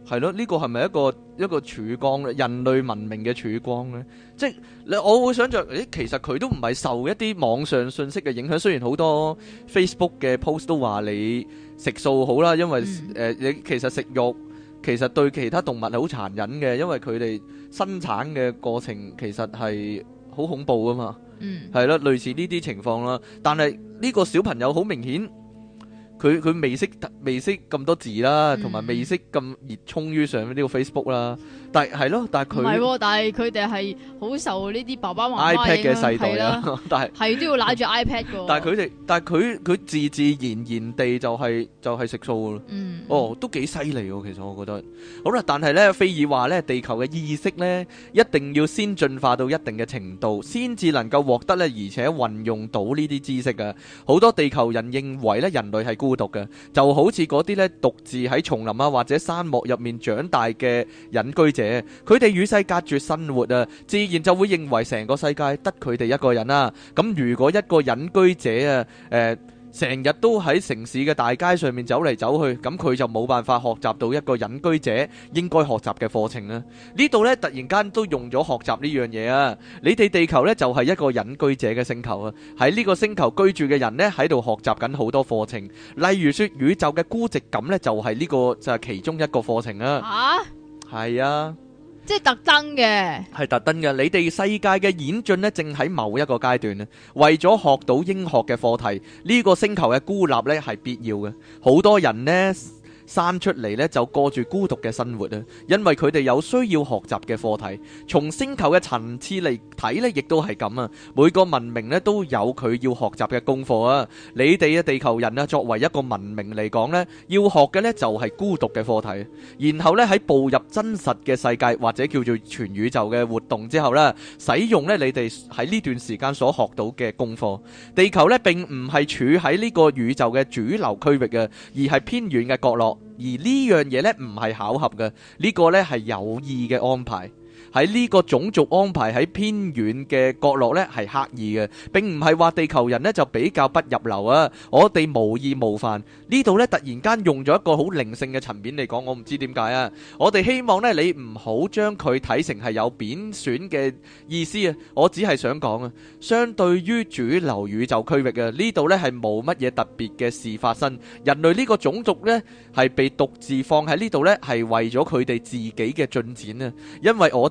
係咯，呢個係咪一個一個曙光咧？人類文明嘅曙光咧，即係你我會想像，誒，其實佢都唔係受一啲網上信息嘅影響。雖然好多 Facebook 嘅 post 都話你食素好啦，因為誒，你其實食肉其實對其他動物係好殘忍嘅，因為佢哋生產嘅過程其實係好恐怖啊嘛。嗯，係咯，類似呢啲情況啦。但係呢個小朋友好明顯。佢佢未識未識咁多字啦，同埋未識咁熱衷於上呢個 Facebook 啦。但係係咯，但係佢係，但係佢哋係好受呢啲爸爸媽媽 iPad 嘅世代啊，但係係 都要拉住 iPad 噶。 但係佢哋，但係佢佢自自然然地就係就係食素咯。嗯，哦，都幾犀利哦。其實我覺得好啦。但係咧，菲爾話咧，地球嘅意識咧，一定要先進化到一定嘅程度，先至能夠獲得咧，而且運用到呢啲知識啊，好多地球人認為咧，人類係孤獨嘅，就好似嗰啲咧獨自喺叢林啊或者沙漠入面長大嘅隱居者，佢哋與世隔絕生活啊，自然就會認為成個世界得佢哋一個人啦。咁如果一個隱居者啊，誒。成日都喺城市嘅大街上面走嚟走去，咁佢就冇辦法學習到一個隱居者應該學習嘅課程啦。呢度呢突然間都用咗學習呢樣嘢啊！你哋地球呢就係一個隱居者嘅星球啊，喺呢個星球居住嘅人呢喺度學習緊好多課程，例如說宇宙嘅孤寂感呢就係呢個就係其中一個課程啊。嚇！係啊！即係特登嘅，係特登嘅。你哋世界嘅演進咧，正喺某一個階段咧。為咗學到應學嘅課題，呢、這個星球嘅孤立咧係必要嘅。好多人呢。生出嚟咧就過住孤獨嘅生活啊，因為佢哋有需要學習嘅課題。從星球嘅層次嚟睇咧，亦都係咁啊。每個文明咧都有佢要學習嘅功課啊。你哋嘅地球人啊，作為一個文明嚟講咧，要學嘅咧就係孤獨嘅課題。然後咧喺步入真實嘅世界或者叫做全宇宙嘅活動之後咧，使用咧你哋喺呢段時間所學到嘅功課。地球咧並唔係處喺呢個宇宙嘅主流區域嘅，而係偏遠嘅角落。而呢樣嘢呢，唔係巧合嘅，呢個呢，係有意嘅安排。喺呢個種族安排喺偏遠嘅角落呢，係刻意嘅，並唔係話地球人呢就比較不入流啊！我哋無意冒犯呢度呢，突然間用咗一個好靈性嘅層面嚟講，我唔知點解啊！我哋希望呢，你唔好將佢睇成係有貶損嘅意思啊！我只係想講啊，相對於主流宇宙區域啊，呢度呢係冇乜嘢特別嘅事發生。人類呢個種族呢，係被獨自放喺呢度呢，係為咗佢哋自己嘅進展啊！因為我。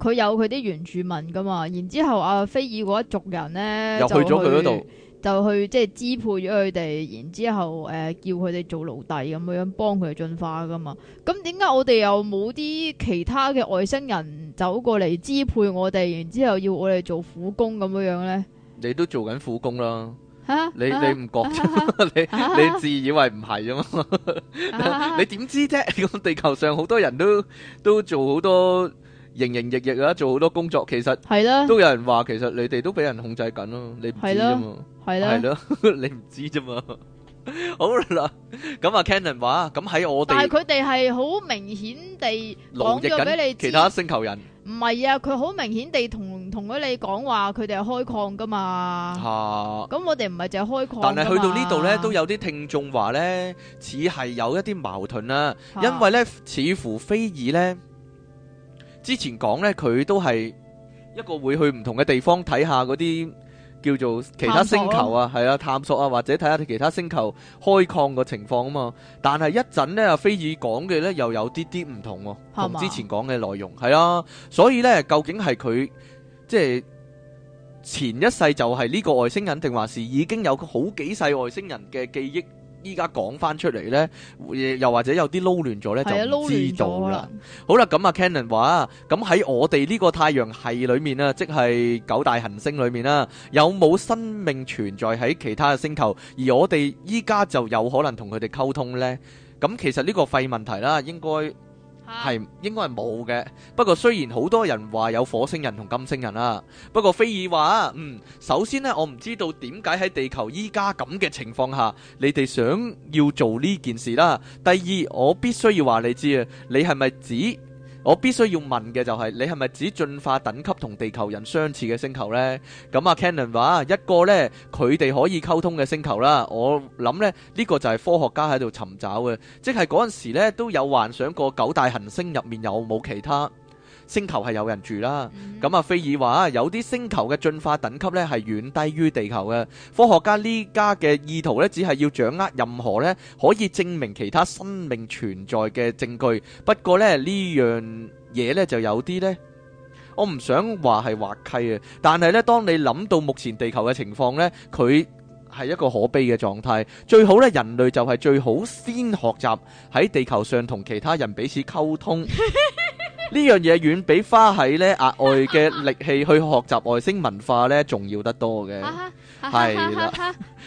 佢有佢啲原住民噶嘛，然之後阿飛爾嗰一族人咧又去咗佢度，就去即係、就係、支配咗佢哋，然之後誒、呃、叫佢哋做奴隸咁樣，幫佢進化噶嘛。咁點解我哋又冇啲其他嘅外星人走過嚟支配我哋，然之後要我哋做苦工咁樣咧？你都做緊苦工啦，嚇！你你唔覺啫？你 你，你自以為唔係啫嘛？ 你點知啫？咁 地球上好多人都都做好多。營營役役啊，做好多工作，其實係啦，都有人話，其實你哋都俾人控制緊咯，你唔知啫嘛，係咯，係咯，你唔知啫嘛。好啦，咁啊，Cannon 話，咁喺我哋，但係佢哋係好明顯地講咗俾你，其他星球人唔係啊，佢好明顯地同同佢哋講話，佢哋係開礦噶嘛。吓，咁我哋唔係淨係開礦，但係去到呢度咧，都有啲聽眾話咧，似係有一啲矛盾啦，因為咧，似乎菲爾咧。之前講咧，佢都係一個會去唔同嘅地方睇下嗰啲叫做其他星球啊，係啊，探索啊，或者睇下其他星球開礦嘅情況啊嘛。但係一陣咧，阿菲爾講嘅咧又有啲啲唔同，同之前講嘅內容係啊。所以咧，究竟係佢即係前一世就係呢個外星人，定還是已經有好幾世外星人嘅記憶？依家講翻出嚟咧，誒又或者有啲撈亂咗咧，就知道啦。好啦，咁啊，Cannon 話啊，咁喺我哋呢個太陽系裏面啊，即係九大行星裏面啦，有冇生命存在喺其他嘅星球？而我哋依家就有可能同佢哋溝通咧。咁其實呢個廢問題啦，應該。係應該係冇嘅，不過雖然好多人話有火星人同金星人啦，啊，不過菲爾話嗯，首先呢，我唔知道點解喺地球依家咁嘅情況下，你哋想要做呢件事啦。第二，我必須要話你知啊，你係咪指？我必須要問嘅就係、是、你係咪只進化等級同地球人相似嘅星球呢？咁啊 Cannon 話一個呢，佢哋可以溝通嘅星球啦。我諗呢呢個就係科學家喺度尋找嘅。即係嗰陣時呢都有幻想過九大行星入面有冇其他。星球係有人住啦，咁、嗯、啊，菲爾話有啲星球嘅進化等級呢係遠低於地球嘅。科學家呢家嘅意圖呢，只係要掌握任何呢可以證明其他生命存在嘅證據。不過呢，呢樣嘢呢就有啲呢，我唔想話係滑稽啊。但係呢，當你諗到目前地球嘅情況呢，佢係一個可悲嘅狀態。最好呢，人類就係最好先學習喺地球上同其他人彼此溝通。 呢樣嘢遠比花喺咧額外嘅力氣去學習外星文化咧 重要得多嘅，係 啦對了，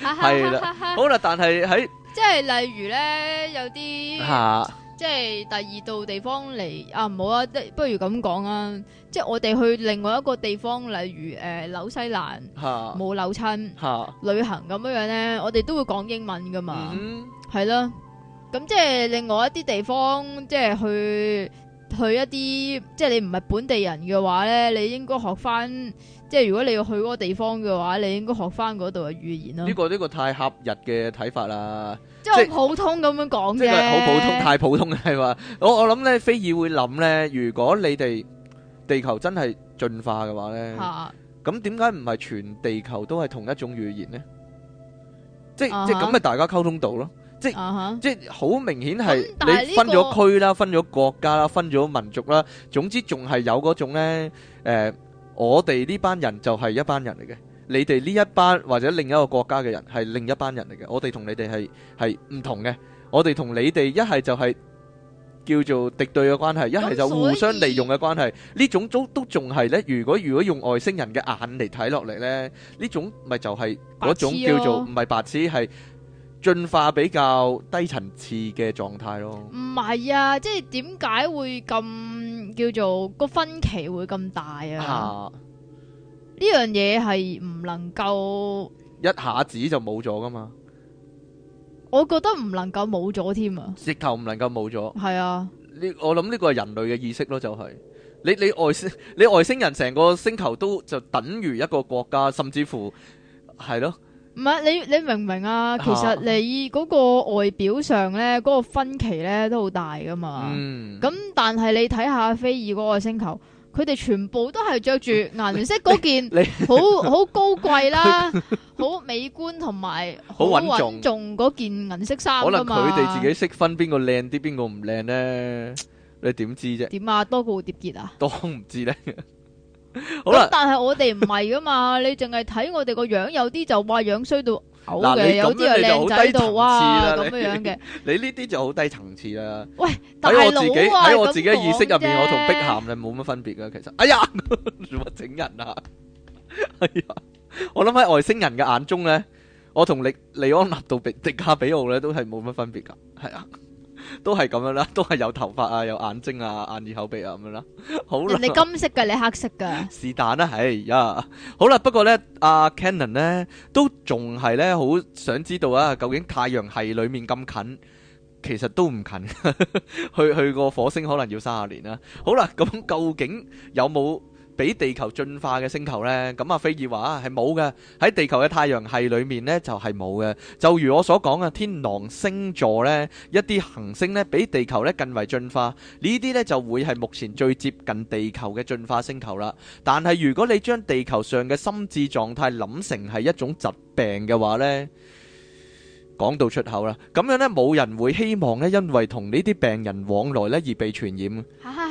係 啦。 好啦，但係喺即係例如咧，有啲 即係第二度地方嚟啊，唔好啊，不如咁講啊，即係我哋去另外一個地方，例如誒、呃、紐西蘭冇紐 留親 旅行咁樣呢，咧，我哋都會講英文噶嘛，係囉。咁即係另外一啲地方，即係去。去一啲即係你唔係本地人嘅話咧，你應該學翻即係如果你要去嗰個地方嘅話，你應該學翻嗰度嘅語言咯。呢、這個呢、這個太狹隘嘅睇法啦，即係好普通咁樣講啫。即係好普通， 太普通係嘛？我我諗咧，菲爾會諗咧，如果你哋地球真係進化嘅話咧，咁點解唔係全地球都係同一種語言咧？即、uh -huh. 即係咁咪大家溝通到咯。即係即係好明顯係你分咗區啦，分咗國家啦，分咗民族啦。總之仲係有嗰種呢，誒，我哋呢班人就係一班人嚟嘅，你哋呢一班或者另一個國家嘅人係另一班人嚟嘅。我哋同你哋係係唔同嘅，我哋同你哋一係就係叫做敵對嘅關係，一係就互相利用嘅關係。呢種都都仲係呢。如果如果用外星人嘅眼嚟睇落嚟呢，呢種咪就係嗰種叫做唔係白痴係。進化比較低層次嘅狀態咯，唔係啊，即係點解會咁，叫做個分歧會咁大啊？呢、啊、樣嘢係唔能夠一下子就冇咗噶嘛？我覺得唔能夠冇咗添啊！地球唔能夠冇咗，係啊！你我諗呢個係人類嘅意識咯就，就係你你外星你外星人成個星球都就等於一個國家，甚至乎係咯。唔係你你明唔明啊？其實你嗰個外表上咧，嗰、啊嗰個分歧咧都好大噶嘛。咁、嗯、但係你睇下菲兒嗰個星球，佢哋全部都係着住銀色嗰件，好 好高貴啦，好 美觀同埋好穩重嗰件銀色衫。可能佢哋自己識分邊個靚啲，邊個唔靚咧？你點知啫？點啊？多個蝴蝶結啊？都唔知咧。好啦，但係我哋唔係噶嘛， 你淨係睇我哋個樣，樣，樣，有啲就話樣衰到嘔嘅，有啲係靚仔到哇咁樣嘅。你呢啲就好低層次啦。喂，大佬啊，我自己喺我自己嘅意識入面，我同碧咸係冇乜分別噶。其實，哎呀，做乜整人啊？哎呀，我諗喺外星人嘅眼中咧，我同李李安納到迪迪卡比奧咧都係冇乜分別噶。係啊。都係咁樣啦，都係有頭髮啊，有眼睛啊，眼耳口鼻啊咁樣 啦。好啦，你金色㗎，你黑色噶。是但啦，哎、yeah、呀，好啦，不過呢，阿、啊、Canon 呢，都仲係呢，好想知道啊，究竟太陽系裏面咁近，其實都唔近 去，去去個火星可能要三十年啦、啊。好啦，咁究竟有冇？比地球進化嘅星球呢，咁啊，菲爾話係冇嘅。喺地球嘅太陽系裏面呢，就係冇嘅。就如我所講嘅天狼星座呢，一啲行星呢，比地球呢，更為進化。呢啲呢，就會係目前最接近地球嘅進化星球啦。但係如果你將地球上嘅心智狀態諗成係一種疾病嘅話呢，講到出口啦，咁樣呢，冇人會希望呢，因為同呢啲病人往來呢，而被傳染。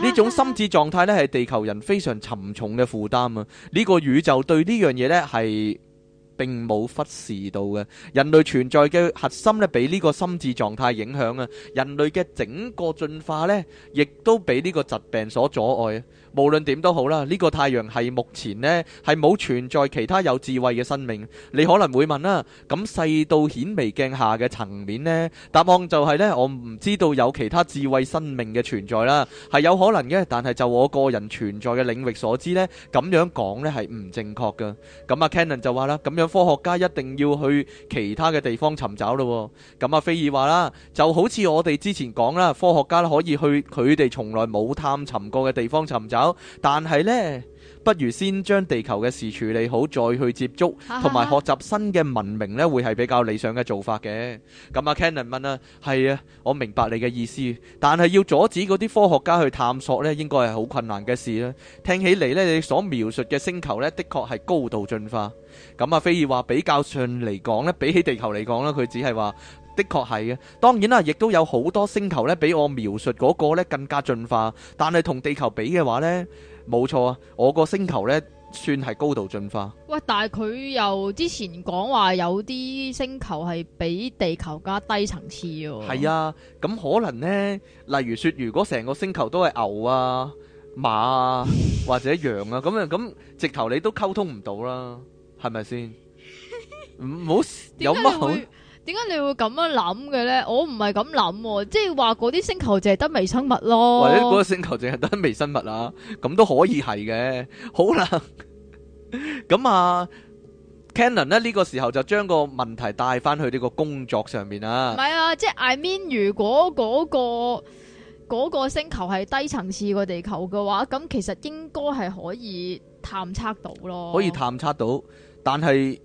呢種心智狀態呢，係地球人非常沉重嘅負擔啊！呢個宇宙對呢樣嘢呢，係並冇忽視到嘅。人類存在嘅核心呢，俾呢個心智狀態影響啊！人類嘅整個進化呢，亦都俾呢個疾病所阻礙啊！無論點都好啦，呢個太陽系目前咧係冇存在其他有智慧嘅生命。你可能會問啦，咁細到顯微鏡下嘅層面咧，答案就係咧，我唔知道有其他智慧生命嘅存在啦，係有可能嘅，但係就我個人存在嘅領域所知咧，咁樣講咧係唔正確㗎。咁啊，Cannon 就話啦，咁樣科學家一定要去其他嘅地方尋找咯。咁啊，菲爾話啦，就好似我哋之前講啦，科學家可以去佢哋從來冇探尋過嘅地方尋找。但係呢，不如先將地球嘅事處理好，再去接觸同埋學習新嘅文明咧，會係比較理想嘅做法嘅。咁阿 Cannon 問啦，啊，係啊，我明白你嘅意思，但係要阻止嗰啲科學家去探索咧，應該係好困難嘅事啦。聽起嚟咧，你所描述嘅星球咧，的確係高度進化。咁啊，菲爾話比較上嚟講咧，比起地球嚟講咧，佢只係話。的確係嘅，當然啦，亦都有好多星球咧，比我描述嗰個咧更加進化，但係同地球比嘅話呢，冇錯啊，我個星球呢算係高度進化。喂，但係佢又之前講話有啲星球係比地球加低層次喎。係啊，咁可能呢，例如說，如果成個星球都係牛啊、馬啊 或者羊啊咁樣，咁直頭你都溝通唔到啦，係咪先？唔 好，有乜好。點解你會咁樣諗嘅咧？我唔係咁諗，即係話嗰啲星球淨係得微生物咯，或者嗰個星球淨係得微生物啊，咁都可以係嘅。好啦，咁 啊，Cannon 咧呢個時候就將個問題帶翻去呢個工作上面啦。唔係啊，即係 I mean，如果嗰個嗰個星球係低層次個地球嘅話，咁其實應該係可以探測到咯。可以探測到，但係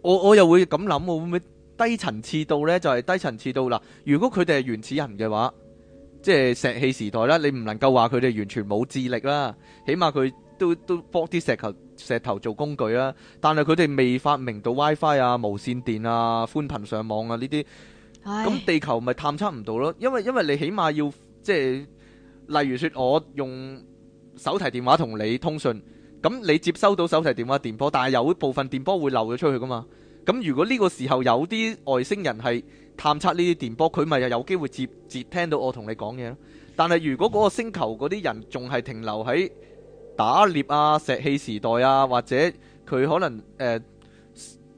我我又會咁諗，會唔會？低層次度呢，就係低層次度啦。如果佢哋係原始人嘅話，即係石器時代啦，你唔能夠話佢哋完全冇智力啦，起碼佢都都幫啲石頭、石頭做工具啊。但係佢哋未發明到 WiFi 啊、無線電啊、寬頻上網啊呢啲，咁地球咪探測唔到咯。因為因為你起碼要即係，例如說我用手提電話同你通訊，咁你接收到手提電話電波，但係有部分電波會漏咗出去噶嘛。咁如果呢個時候有啲外星人係探測呢啲電波，佢咪又有機會接接聽到我同你講嘢咯？但係如果嗰個星球嗰啲人仲係停留喺打獵啊石器時代啊，或者佢可能、呃、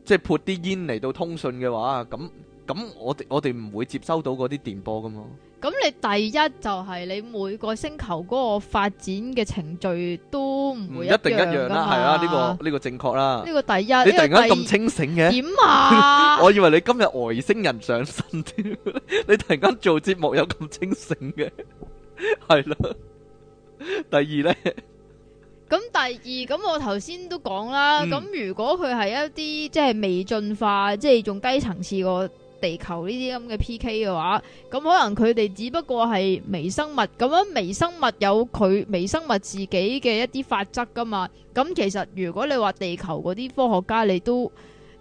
即係撥啲煙嚟到通訊嘅話，咁。咁我哋我哋唔會接收到嗰啲電波噶嘛？咁你第一就係你每個星球嗰個發展嘅程序都唔會一，樣唔一定一樣，啊，這個這個，啦，係啊，呢個呢個正確啦。呢個第一，你突然間咁清醒嘅？點啊？ 我以為你今日外星人上身添， 你突然間做節目有咁清醒嘅，係 啦是、啊。 第二咧？咁第二，咁我頭先都講啦。咁、嗯、如果佢係一啲即係未進化，即係仲低層次個。地球呢啲咁嘅 P.K. 嘅話，咁可能佢哋只不過係微生物咁樣，微生物有佢微生物自己嘅一啲法則噶嘛。咁其實如果你話地球嗰啲科學家，你都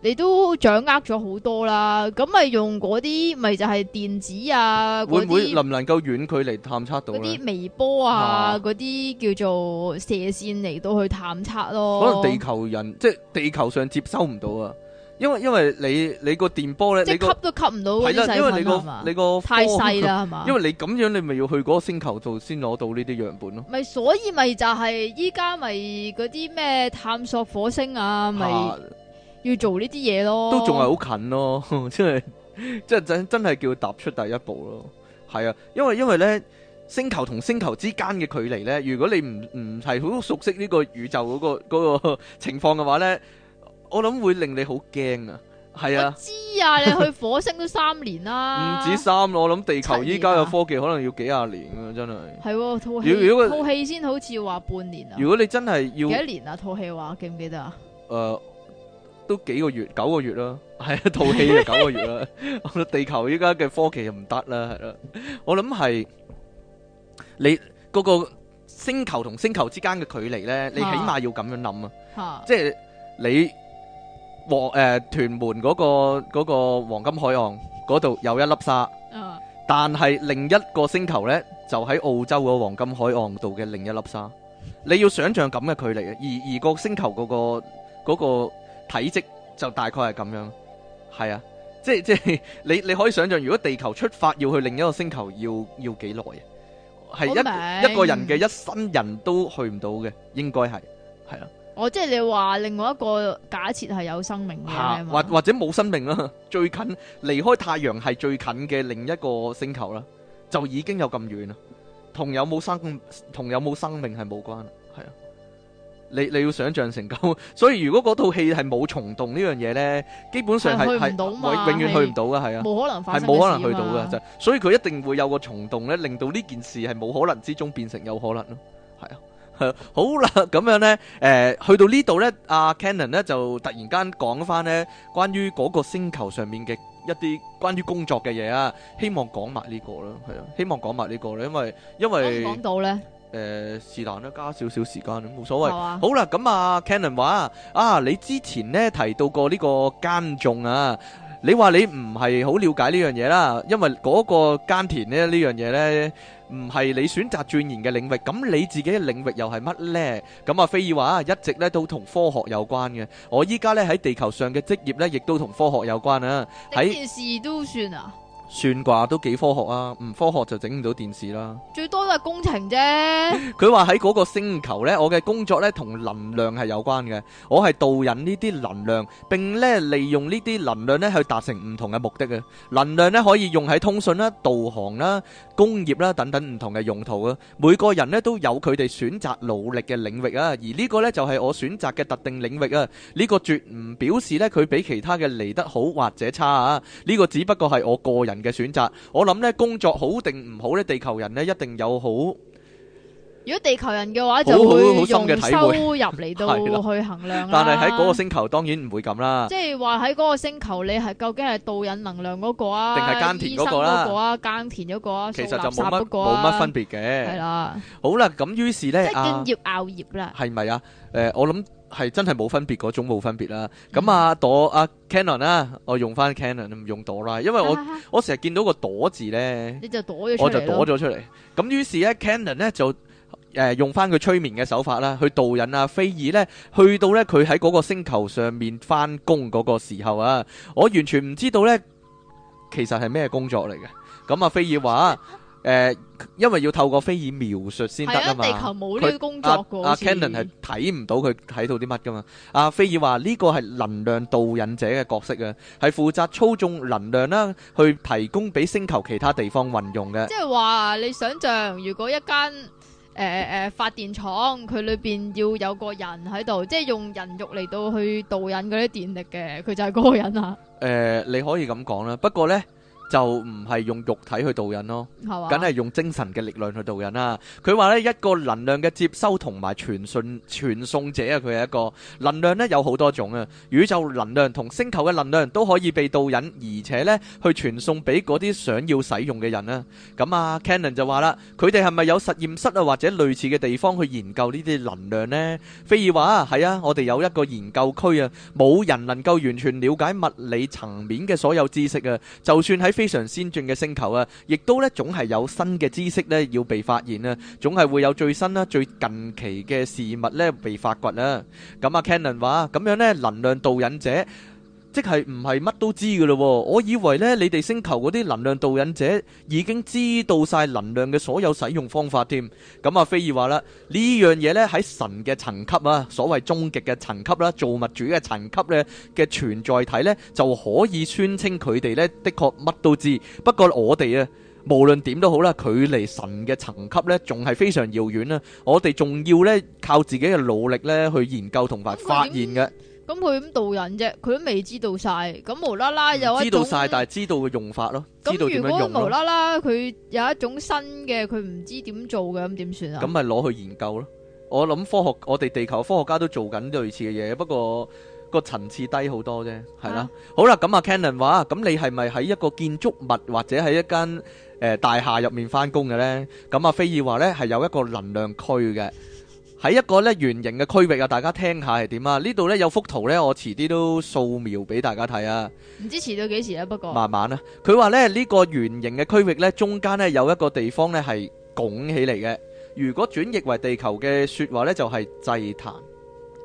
你都掌握咗好多啦。咁咪用嗰啲咪就係、是、電子啊，會唔會能唔能夠遠距離探測到咧？啲微波啊，嗰、啊、啲叫做射線嚟到去探測咯。可能地球人即係地球上接收唔到啊。因為因為你你個電波咧，即吸都吸唔到嗰啲細菌啊嘛，太細啦係嘛？因為你咁、啊、樣，你咪要去嗰個星球度先攞到呢啲樣本咯。咪所以咪就係依家咪嗰啲咩探索火星啊，咪、啊、要做呢啲嘢咯。都仲係好近咯，即係即係真是真係叫踏出第一步咯。係啊，因為因為咧星球同星球之間嘅距離咧，如果你唔唔係好熟悉呢個宇宙嗰、那個、那個情況嘅話咧。我諗會令你好驚啊！係啊，知啊，你去火星都三年啦，唔 止三，我諗地球依家嘅科技可能要幾廿年啊，真係。係套套戲先好似話半年啊。如果，、哦、如果，如果你真係要幾多年啊？套戲嘅話記唔記得啊？誒、呃，都幾個月，九個月啦。係 啊，套戲啊，九個月啦。 我諗地球依家嘅科技就唔得啦，係啊，我諗係你嗰個星球同星球之間嘅距離咧，你起碼要咁樣諗啊，啊，即係你。和、呃、屯門嗰個嗰個黃金海岸嗰度有一粒沙，oh. 但係另一個星球呢，就喺澳洲個黃金海岸度嘅另一粒沙。你要想象咁嘅距離啊，而而個星球嗰個嗰個體積就大概係咁樣。係啊，即係即係你你可以想象，如果地球出發要去另一個星球要，要要幾耐啊？係一、oh, 一個人嘅一生人都去唔到嘅，應該係係啦。我即係你話另外一個假設係有生命嘅，或或者冇生命啦。最近離開太陽系最近嘅另一個星球啦，就已經有咁遠啦，同有冇生同有冇生命係冇關啦。係啊，你你要想象成咁，所以如果嗰套戲係冇蟲洞呢樣嘢呢，基本上係係永永遠去唔到噶，係啊，冇可能發生事啊，冇可能去到噶，就所以佢一定會有個蟲洞呢，令到呢件事係冇可能之中變成有可能咯，係啊。 好啦，咁樣呢，呃、去到呢度呢，阿、啊、Canon 呢就突然間講返呢關於嗰個星球上面嘅一啲關於工作嘅嘢啊，希望講埋、啊、呢個、呃哦啊、啦，啊，希望講埋呢個啦，因為因為講到呢誒，是但加少少時間冇所謂。好啦，咁啊，Canon 話：「啊，你之前呢提到過呢個監眾啊。你話你唔係好了解呢樣嘢啦，因為嗰個耕田呢樣嘢呢，唔係你選擇鑽研嘅領域，咁你自己嘅領域又係乜呢？咁啊菲爾話一直呢都同科學有關嘅，我依家呢喺地球上嘅職業呢，亦都同科學有關啊，喺，件事都算啊。算卦都幾科學啊，唔科學就整唔到電視啦。最多都係工程啫。佢話喺嗰個星球呢，我嘅工作呢同能量係有關嘅。我係導引呢啲能量，並呢利用呢啲能量呢去達成唔同嘅目的嘅。能量呢可以用喺通訊啦、導航啦、工業啦等等唔同嘅用途啊。每個人呢都有佢哋選擇努力嘅領域啊，而呢個呢就係我選擇嘅特定領域啊。呢個絕唔表示呢佢比其他嘅嚟得好或者差啊。呢個只不過係我個人嘅選擇，我諗咧工作好定唔好咧，地球人咧一定有好。如果地球人嘅話，就會用收入嚟到去衡量啦。但係喺嗰個星球，當然唔會咁啦。即係話喺嗰個星球，你係究竟係導引能量嗰個啊，定係耕田嗰個啊，耕田嗰個啊，其實就冇乜冇乜分別嘅。係啦，好啦，咁於是咧，即係敬業熬業啦，係咪啊？誒，我諗。係真係冇分別嗰種冇分別啦。咁阿、啊、躲阿、嗯啊、Canon 啦、啊，我用翻 Canon 唔用朵啦，因為我、啊、我成日見到個朵字呢，你就躲咗我就躲咗出嚟。咁於是呢 Canon 咧就誒、呃、用翻佢催眠嘅手法啦，去導引阿、啊、菲爾呢去到呢，佢喺嗰個星球上面翻工嗰個時候啊，我完全唔知道呢，其實係咩工作嚟嘅。咁啊，啊，菲爾話。誒、呃，因為要透過菲爾描述先得啊嘛。地球冇呢個工作噶，阿、啊、阿、啊、Cannon 係睇唔到，佢睇到啲乜噶嘛。阿、啊、菲爾話呢個係能量導引者嘅角色啊，係負責操縱能量啦，去提供俾星球其他地方運用嘅。即係話你想象，如果一間誒誒發電廠，佢裏邊要有個人喺度，即係用人肉嚟到去導引嗰啲電力嘅，佢就係嗰個人啊。誒、呃，你可以咁講啦，不過咧。就唔係用肉體去導引咯，梗係係用精神嘅力量去導引啦、啊。佢話咧一個能量嘅接收同埋傳信傳送者啊，佢係一個能量咧有好多種啊，宇宙能量同星球嘅能量都可以被導引，而且咧去傳送俾嗰啲想要使用嘅人啊，咁啊 Cannon 就話啦，佢哋係咪有實驗室啊或者類似嘅地方去研究呢啲能量咧？飛爾話係啊，我哋有一個研究區啊，冇人能夠完全了解物理層面嘅所有知識啊，就算喺非常先進嘅星球啊，亦都咧總係有新嘅知識咧要被發現啊，總係會有最新啦、最近期嘅事物咧被發掘啊。咁啊，Cannon 話咁樣咧，能量導引者。即係唔係乜都知噶咯？我以為呢，你哋星球嗰啲能量導引者已經知道晒能量嘅所有使用方法添。咁啊，菲爾話啦，呢樣嘢呢，喺神嘅層級啊，所謂終極嘅層級啦，造物主嘅層級呢嘅存在體呢，就可以宣稱佢哋呢，的確乜都知。不過我哋啊，無論點都好啦，距離神嘅層級呢，仲係非常遙遠啦。我哋仲要呢，靠自己嘅努力呢，去研究同埋發現嘅。咁佢咁導引啫，佢都未知道曬，咁無啦啦有一種知道曬，但係知道嘅用法咯。咁如果無啦啦佢有一種新嘅，佢唔知點做嘅，咁點算啊？咁咪攞去研究咯。我諗科學，我哋地球科學家都做緊類似嘅嘢，不過個層次低好多啫。係啦，好啦，咁啊 Cannon 話，咁你係咪喺一個建築物或者喺一間誒大廈入面翻工嘅咧？咁啊，菲爾話咧係有一個能量區嘅。喺一個咧圓形嘅區域啊，大家聽下係點啊？呢度咧有幅圖咧，我遲啲都掃描俾大家睇啊。唔知遲到幾時啊？不過慢慢啊。佢話咧呢個圓形嘅區域咧，中間咧有一個地方咧係拱起嚟嘅。如果轉譯為地球嘅說話咧，就係祭壇。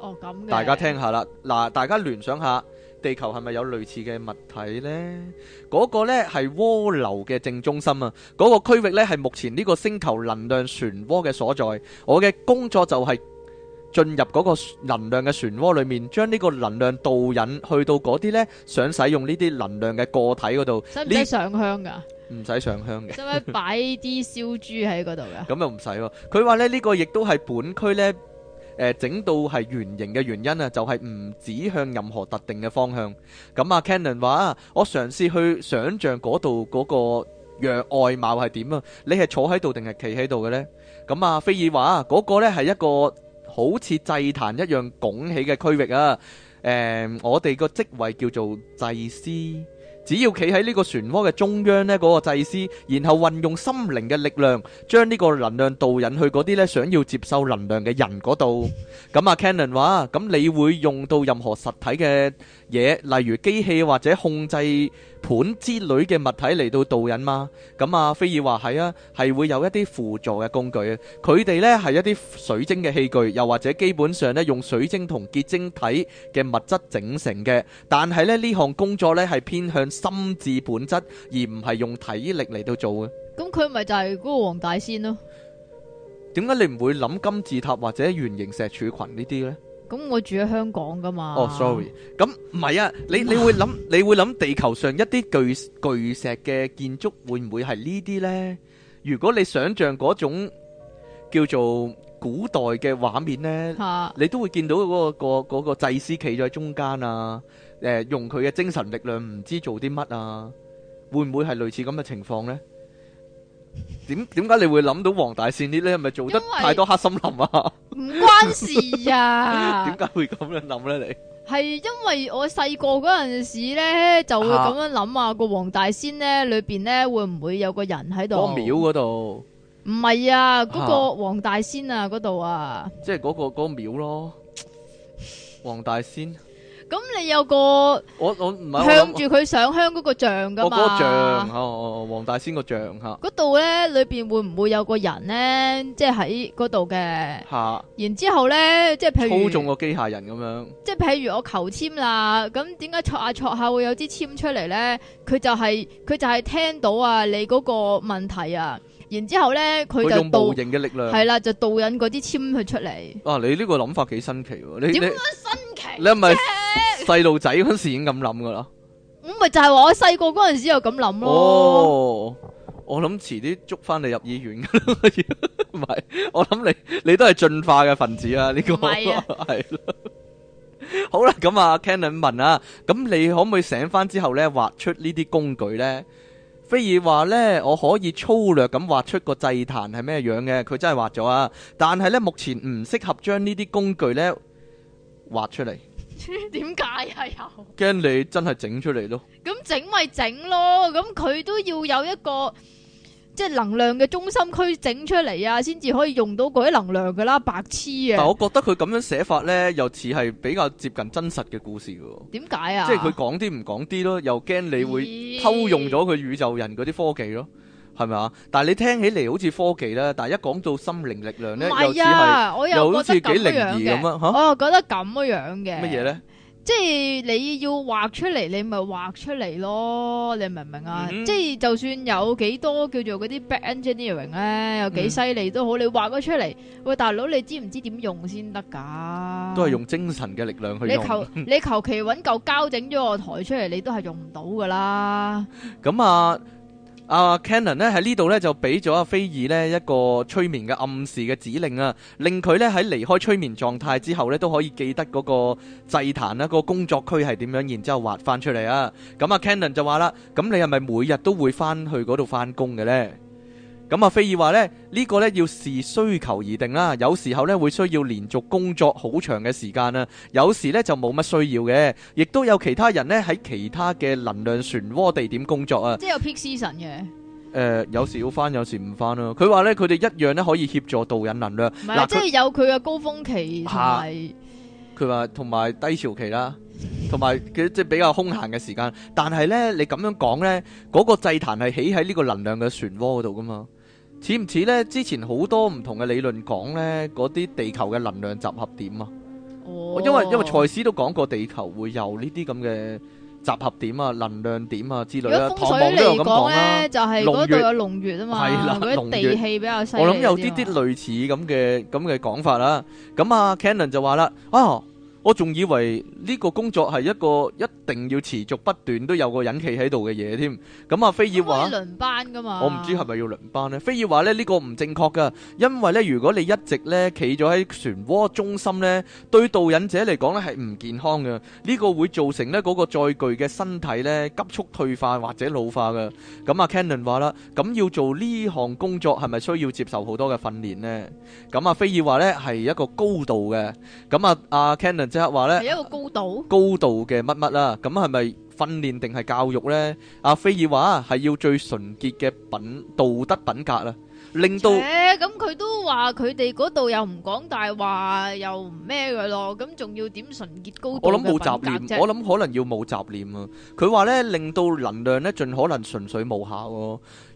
哦，咁。大家聽下啦，嗱，大家聯想下。地球係咪有類似嘅物體呢？嗰個呢係渦流嘅正中心啊！嗰個區域呢係目前呢個星球能量漩渦嘅所在。我嘅工作就係進入嗰個能量嘅漩渦裏面，將呢個能量導引去到嗰啲呢，想使用呢啲能量嘅個體嗰度。使唔使上香噶？唔使上香嘅。使唔使擺啲燒豬喺嗰度噶？咁又唔使喎。佢話呢，呢個亦都係本區呢。整到係圓形嘅原因啊，就係唔指向任何特定嘅方向。咁、嗯、啊，Cannon 話我嘗試去想像嗰度嗰個樣外貌係點啊？你係坐喺度定係企喺度嘅呢？嗯，咁啊，菲爾話啊，嗰、嗰個呢係一個好似祭壇一樣拱起嘅區域啊。誒、嗯，我哋個職位叫做祭司。只要企喺呢個漩渦嘅中央呢，嗰個祭司，然後運用心靈嘅力量，將呢個能量導引去嗰啲呢想要接受能量嘅人嗰度。咁啊，Cannon 話，咁你會用到任何實體嘅嘢，例如機器或者控制盤之類嘅物體嚟到導引嘛？咁啊，菲爾話係啊，係會有一啲輔助嘅工具。佢哋呢係一啲水晶嘅器具，又或者基本上呢用水晶同結晶體嘅物質整成嘅。但係呢，呢項工作呢係偏向心智本質，而唔係用體力嚟到做嘅。咁佢咪就係嗰個黃大仙咯？點解你唔會諗金字塔或者圓形石柱群呢啲呢？咁我住喺香港噶嘛？哦，sorry，咁唔係啊，你你會諗你會諗地球上一啲巨巨石嘅建築會唔會係呢啲呢？如果你想象嗰種叫做古代嘅畫面呢，你都會見到嗰個個嗰個祭司企在中間啊，誒，用佢嘅精神力量唔知做啲乜啊，會唔會係類似咁嘅情況呢？點點解你會諗到黃大仙呢？咧係咪做得太多黑森林啊？唔關事啊！點 解會咁樣諗咧？你係因為我細個嗰陣時咧就會咁樣諗，嗰個，啊，個黃大仙咧裏邊咧會唔會有個人喺度？個廟嗰度唔係啊，嗰個黃大仙啊，嗰、啊、度啊，即係嗰、嗰個、嗰個廟咯，黃大仙。咁、嗯、你有個我我唔係向住佢上香嗰個像噶嘛？個像吓，黃大仙個像吓。嗰度咧裏邊會唔會有個人咧？即係喺嗰度嘅吓。然之後咧，即係譬如操縱個機械人咁樣。即係譬如我求簽啦，咁點解戳下戳下會有支簽出嚟咧？佢就係、是、佢就係聽到啊你嗰個問題啊，然之後咧佢就導無形嘅力量。係啦，就導引嗰啲簽去出嚟。啊，你呢個諗法幾新奇喎？你點樣新奇？你係咪？ 細路仔嗰時已經咁諗噶啦，咁、嗯、咪就係話我細個嗰陣時又咁諗咯。我諗遲啲捉翻你入醫院噶啦，唔 係，我諗你你都係進化嘅分子、嗯、這個、啊！呢個係好啦，咁啊，Cannon 問啊，咁你可唔可以醒翻之後呢？畫出呢啲工具呢？菲爾話呢，我可以粗略咁畫出個祭壇係咩樣嘅，佢真係畫咗啊！但係呢，目前唔適合將呢啲工具呢畫出嚟。點解啊？又驚你真係整出嚟咯？咁整咪整咯，咁佢都要有一個即係能量嘅中心區整出嚟啊，先至可以用到嗰啲能量噶啦，白痴啊！但係我覺得佢咁樣寫法咧，又似係比較接近真實嘅故事噶。點解啊？即係佢講啲唔講啲咯？又驚你會偷用咗佢宇宙人嗰啲科技咯？係咪啊？但係你聽起嚟好似科技啦，但係一講到心靈力量咧，又似係，又好似幾靈異咁啊！吓，我又覺得咁樣嘅。乜嘢咧？即係你要畫出嚟，你咪畫出嚟咯！你明唔明啊？即係就算有幾多叫做嗰啲 back engineering 咧，有幾犀利都好，你畫咗出嚟，喂，大佬，你知唔知點用先得噶？都係用精神嘅力量去用。你求你求其揾嚿膠整咗個枱出嚟，你都係用唔到噶啦。咁啊！阿、uh, Canon 咧喺呢度咧就俾咗阿菲爾咧一個催眠嘅暗示嘅指令啊，令佢咧喺離開催眠狀態之後咧都可以記得嗰個祭壇啦，個工作區係點樣，然之後畫翻出嚟啊。咁、嗯、阿 Canon 就話啦，咁你係咪每日都會翻去嗰度翻工嘅咧？咁啊，菲爾話咧，呢個咧要視需求而定啦。有時候咧會需要連續工作好長嘅時間啦。有時咧就冇乜需要嘅。亦都有其他人咧喺其他嘅能量漩渦地點工作啊。即係有 peak season 嘅、呃。有時要翻，有時唔翻咯。佢話咧，佢哋一樣咧可以協助導引能量。嗱、啊，即係有佢嘅高峰期、啊，同埋佢話同埋低潮期啦，同 埋即係比較空閒嘅時間。但係咧，你咁樣講咧，嗰、嗰個祭壇係起喺呢個能量嘅漩渦嗰度噶嘛？似唔似咧？之前好多唔同嘅理論講咧，嗰啲地球嘅能量集合點啊，oh. 因為因為賽斯都講過地球會有呢啲咁嘅集合點啊、能量點啊之類啦、啊。如果風水嚟講呢，就係嗰度有龍穴啊嘛，如果地氣比較細，我諗有啲啲類似咁嘅咁嘅講法啦。咁、嗯、啊，Cannon 就話啦，啊我仲以為呢個工作係一個一定要持續不斷都有個引氣喺度嘅嘢添。咁阿飛爾話，輪班㗎嘛，我唔知係咪要輪班咧。飛爾話咧呢個唔正確噶，因為咧如果你一直咧企咗喺漩渦中心咧，對導引者嚟講咧係唔健康嘅。呢個會造成咧嗰個載具嘅身體咧急速退化或者老化嘅。咁阿 Cannon 話啦，咁要做呢項工作係咪需要接受好多嘅訓練咧？咁阿飛爾話咧係一個高度嘅。咁啊阿 Cannon。即刻話呢，係一個高度高度嘅乜乜啦，噉係咪訓練定係教育呢？阿菲爾話係要最純潔嘅品、道德品格啦。令到，咁佢都話佢哋嗰度又唔講大話，又唔咩嘅咯。咁仲要點純潔高？我諗冇雜念，我諗可能要冇雜念啊。佢話咧，令到能量咧盡可能純粹無效。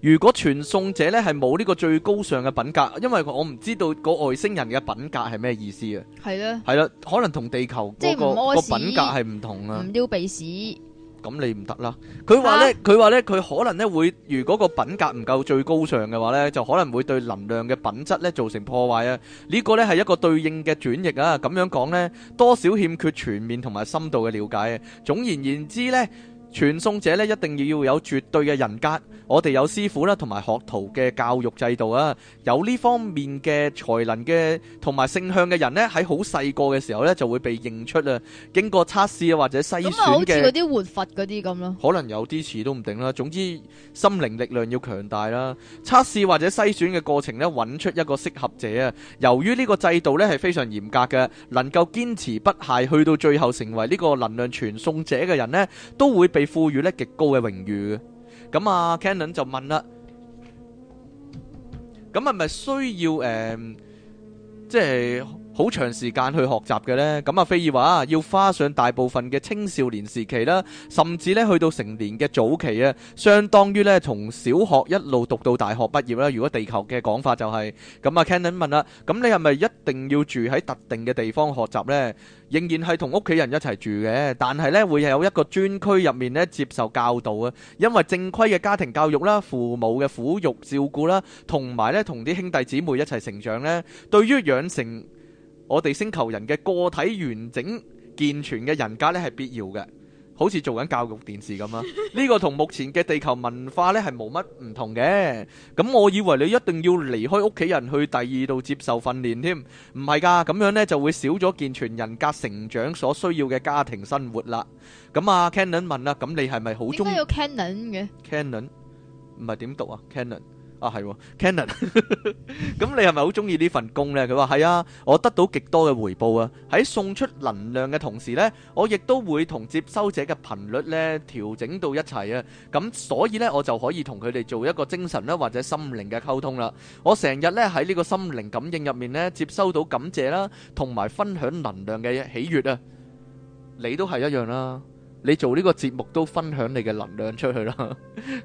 如果傳送者咧係冇呢個最高尚嘅品格，因為我唔知道個外星人嘅品格係咩意思啊。係咯，係咯，可能同地球即係唔屙屎個品格係唔同啊，唔丟鼻屎。咁你唔得啦！佢話咧，佢話咧，佢可能咧會，如果個品格唔夠最高尚嘅話咧，就可能會對能量嘅品質咧造成破壞啊！呢個咧係一個對應嘅轉譯啊！咁樣講咧，多少欠缺全面同埋深度嘅了解啊！總言言之咧。傳送者咧一定要有絕對嘅人格，我哋有師傅啦，同埋學徒嘅教育制度啊，有呢方面嘅才能嘅同埋性向嘅人呢，喺好細個嘅時候呢就會被認出啊，經過測試或者篩選嘅，咁好似嗰啲活佛嗰啲咁咯，可能有啲遲都唔定啦。總之心靈力量要強大啦，測試或者篩選嘅過程呢揾出一個適合者啊。由於呢個制度呢係非常嚴格嘅，能夠堅持不懈去到最後成為呢個能量傳送者嘅人呢，都會被。被賦予咧極高嘅榮譽嘅，咁啊 Cannon 就問啦，咁係咪需要誒、呃，即係？好長時間去學習嘅咧，咁啊，菲爾話要花上大部分嘅青少年時期啦，甚至咧去到成年嘅早期啊，相當於咧從小學一路讀到大學畢業啦。如果地球嘅講法就係咁啊，Candice 問啦，咁你係咪一定要住喺特定嘅地方學習咧？仍然係同屋企人一齊住嘅，但係咧會有一個專區入面咧接受教導啊，因為正規嘅家庭教育啦、父母嘅撫育照顧啦，同埋咧同啲兄弟姊妹一齊成長咧，對於養成我哋星球人嘅個體完整健全嘅人格咧係必要嘅，好似做緊教育電視咁啊！呢個同目前嘅地球文化咧係冇乜唔同嘅。咁我以為你一定要離開屋企人去第二度接受訓練添，唔係㗎，咁樣咧就會少咗健全人格成長所需要嘅家庭生活啦。咁啊，Cannon 問啦，咁你係咪好中意？應該要 Cannon 嘅，Cannon 唔係點讀啊？Cannon。啊，係，Cannon，咁你係咪好中意呢份工呢？佢話係啊，我得到極多嘅回報啊！喺送出能量嘅同時呢，我亦都會同接收者嘅頻率呢調整到一齊啊！咁所以呢，我就可以同佢哋做一個精神啦或者心靈嘅溝通啦。我成日呢喺呢個心靈感應入面呢接收到感謝啦，同埋分享能量嘅喜悅啊！你都係一樣啦。你做呢個節目都分享你嘅能量出去啦。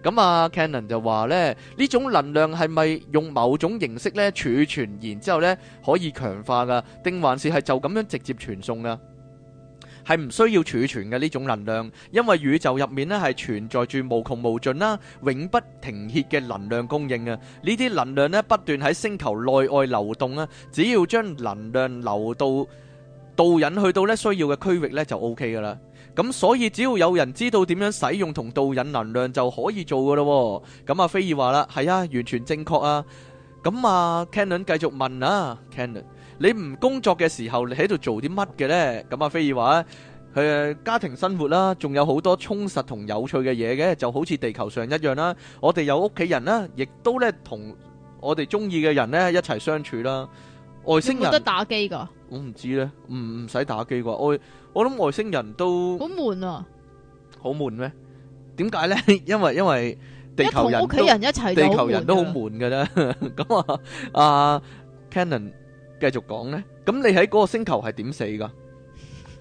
咁啊，Cannon 就話咧，呢種能量係咪用某種形式咧儲存，然之後咧可以強化噶，定還是係就咁樣直接傳送啊？係唔需要儲存嘅呢種能量，因為宇宙入面咧係存在住無窮無盡啦、永不停歇嘅能量供應啊。呢啲能量咧不斷喺星球內外流動啊，只要將能量流到導引去到咧需要嘅區域咧就 OK 噶啦。咁、嗯、所以只要有人知道點樣使用同導引能量就可以做噶咯。咁、嗯、阿菲爾話啦，係啊，完全正確啊。咁、嗯、啊，Cannon 繼續問啦、啊，Cannon，你唔工作嘅時候，你喺度做啲乜嘅呢？咁、嗯、阿菲爾話佢家庭生活啦、啊，仲有好多充實同有趣嘅嘢嘅，就好似地球上一樣啦、啊。我哋有屋企人啦、啊，亦都咧同我哋中意嘅人咧一齊相處啦、啊。外星人冇得打機噶，我唔知咧，唔唔使打機啩，我諗外星人都好悶啊，好悶咩？點解咧？因為因為地球人屋企人一齊就悶，地球人都好悶㗎。咧。咁啊，阿 Cannon 繼續講咧。咁你喺嗰個星球係點死噶？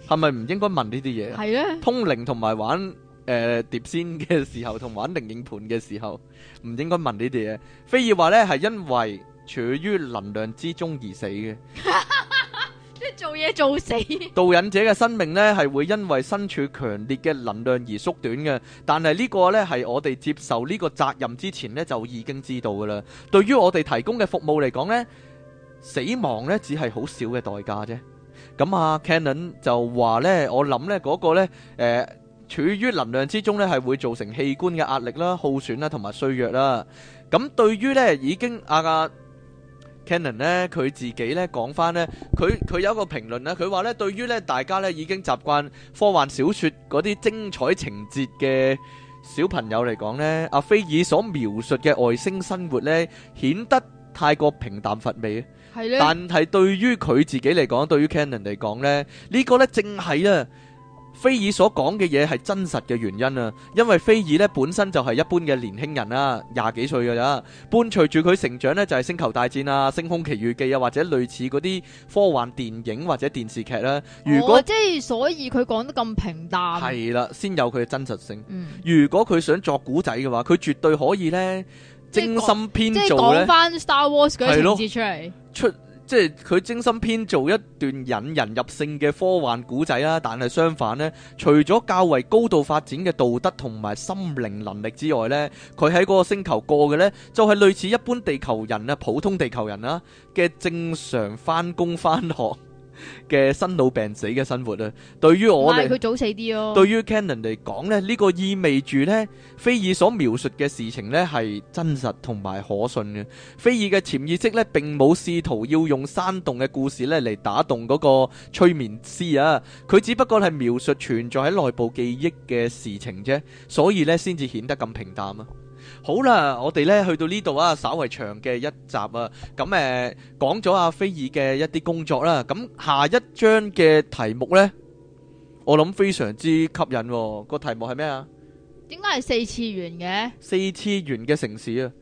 係咪唔應該問呢啲嘢？係啊！通靈同埋玩誒、呃、碟仙嘅時候，同玩靈應盤嘅時候，唔應該問呢啲嘢。菲爾話咧，係因為處於能量之中而死嘅。 即係做嘢，做死，導引者嘅生命咧係會因為身處強烈嘅能量而縮短嘅，但係呢個咧係我哋接受呢個責任之前咧就已經知道噶啦。對於我哋提供嘅服務嚟講咧，死亡咧只係好少嘅代價啫。咁啊，Cannon 就話咧，我諗咧嗰個咧，誒，處於能量之中咧係會造成器官嘅壓力啦、耗損啦、同埋衰弱啦。咁對於咧已經啊。Cannon 咧，佢自己咧講翻咧，佢佢有一個評論咧，佢話咧，對於咧大家咧已經習慣科幻小説嗰啲精彩情節嘅小朋友嚟講咧，阿菲爾所描述嘅外星生活咧，顯得太過平淡乏味啊！係咧，但係對於佢自己嚟講，對於 Cannon 嚟講咧，這個、呢個咧正係啊！菲爾所講嘅嘢係真實嘅原因啊，因為菲爾咧本身就係一般嘅年輕人啦、啊，廿幾歲㗎咋，伴隨住佢成長咧就係、是、星球大戰啊、星空奇遇記啊或者類似嗰啲科幻電影或者電視劇啦、啊。如果、哦、即係所以佢講得咁平淡。係啦，先有佢嘅真實性。嗯、如果佢想作古仔嘅話，佢絕對可以咧精心編造咧即係講翻 Star Wars 嘅情節出嚟。出即係佢精心編造一段引人入勝嘅科幻古仔啦，但係相反呢，除咗較為高度發展嘅道德同埋心靈能力之外呢，佢喺嗰個星球過嘅呢，就係、是、類似一般地球人啊、普通地球人啊嘅正常翻工翻學。嘅生老病死嘅生活啊，對於我嚟講，佢早死啲咯、哦。對於 Cannon 嚟講呢呢、呢個意味住呢，菲爾所描述嘅事情呢係真實同埋可信嘅。菲爾嘅潛意識呢，並冇試圖要用生動嘅故事呢嚟打動嗰個催眠師啊，佢只不過係描述存在喺內部記憶嘅事情啫，所以呢，先至顯得咁平淡啊。好啦，我哋咧去到呢度啊，稍微長嘅一集啊，咁誒講咗阿菲爾嘅一啲工作啦，咁、嗯、下一章嘅題目呢，我諗非常之吸引個、啊、題目係咩啊？點解係四次元嘅？四次元嘅城市啊，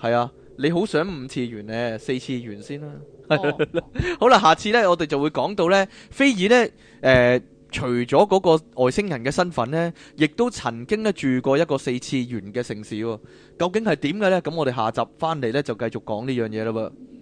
係啊，你好想五次元呢、啊？四次元先啦、啊。哦、 好啦，下次呢，我哋就會講到呢，菲爾呢。誒、呃。除咗嗰個外星人嘅身份呢，亦都曾經住過一個四次元嘅城市喎。究竟係點嘅呢？咁我哋下集翻嚟呢，就繼續講呢樣嘢啦噃。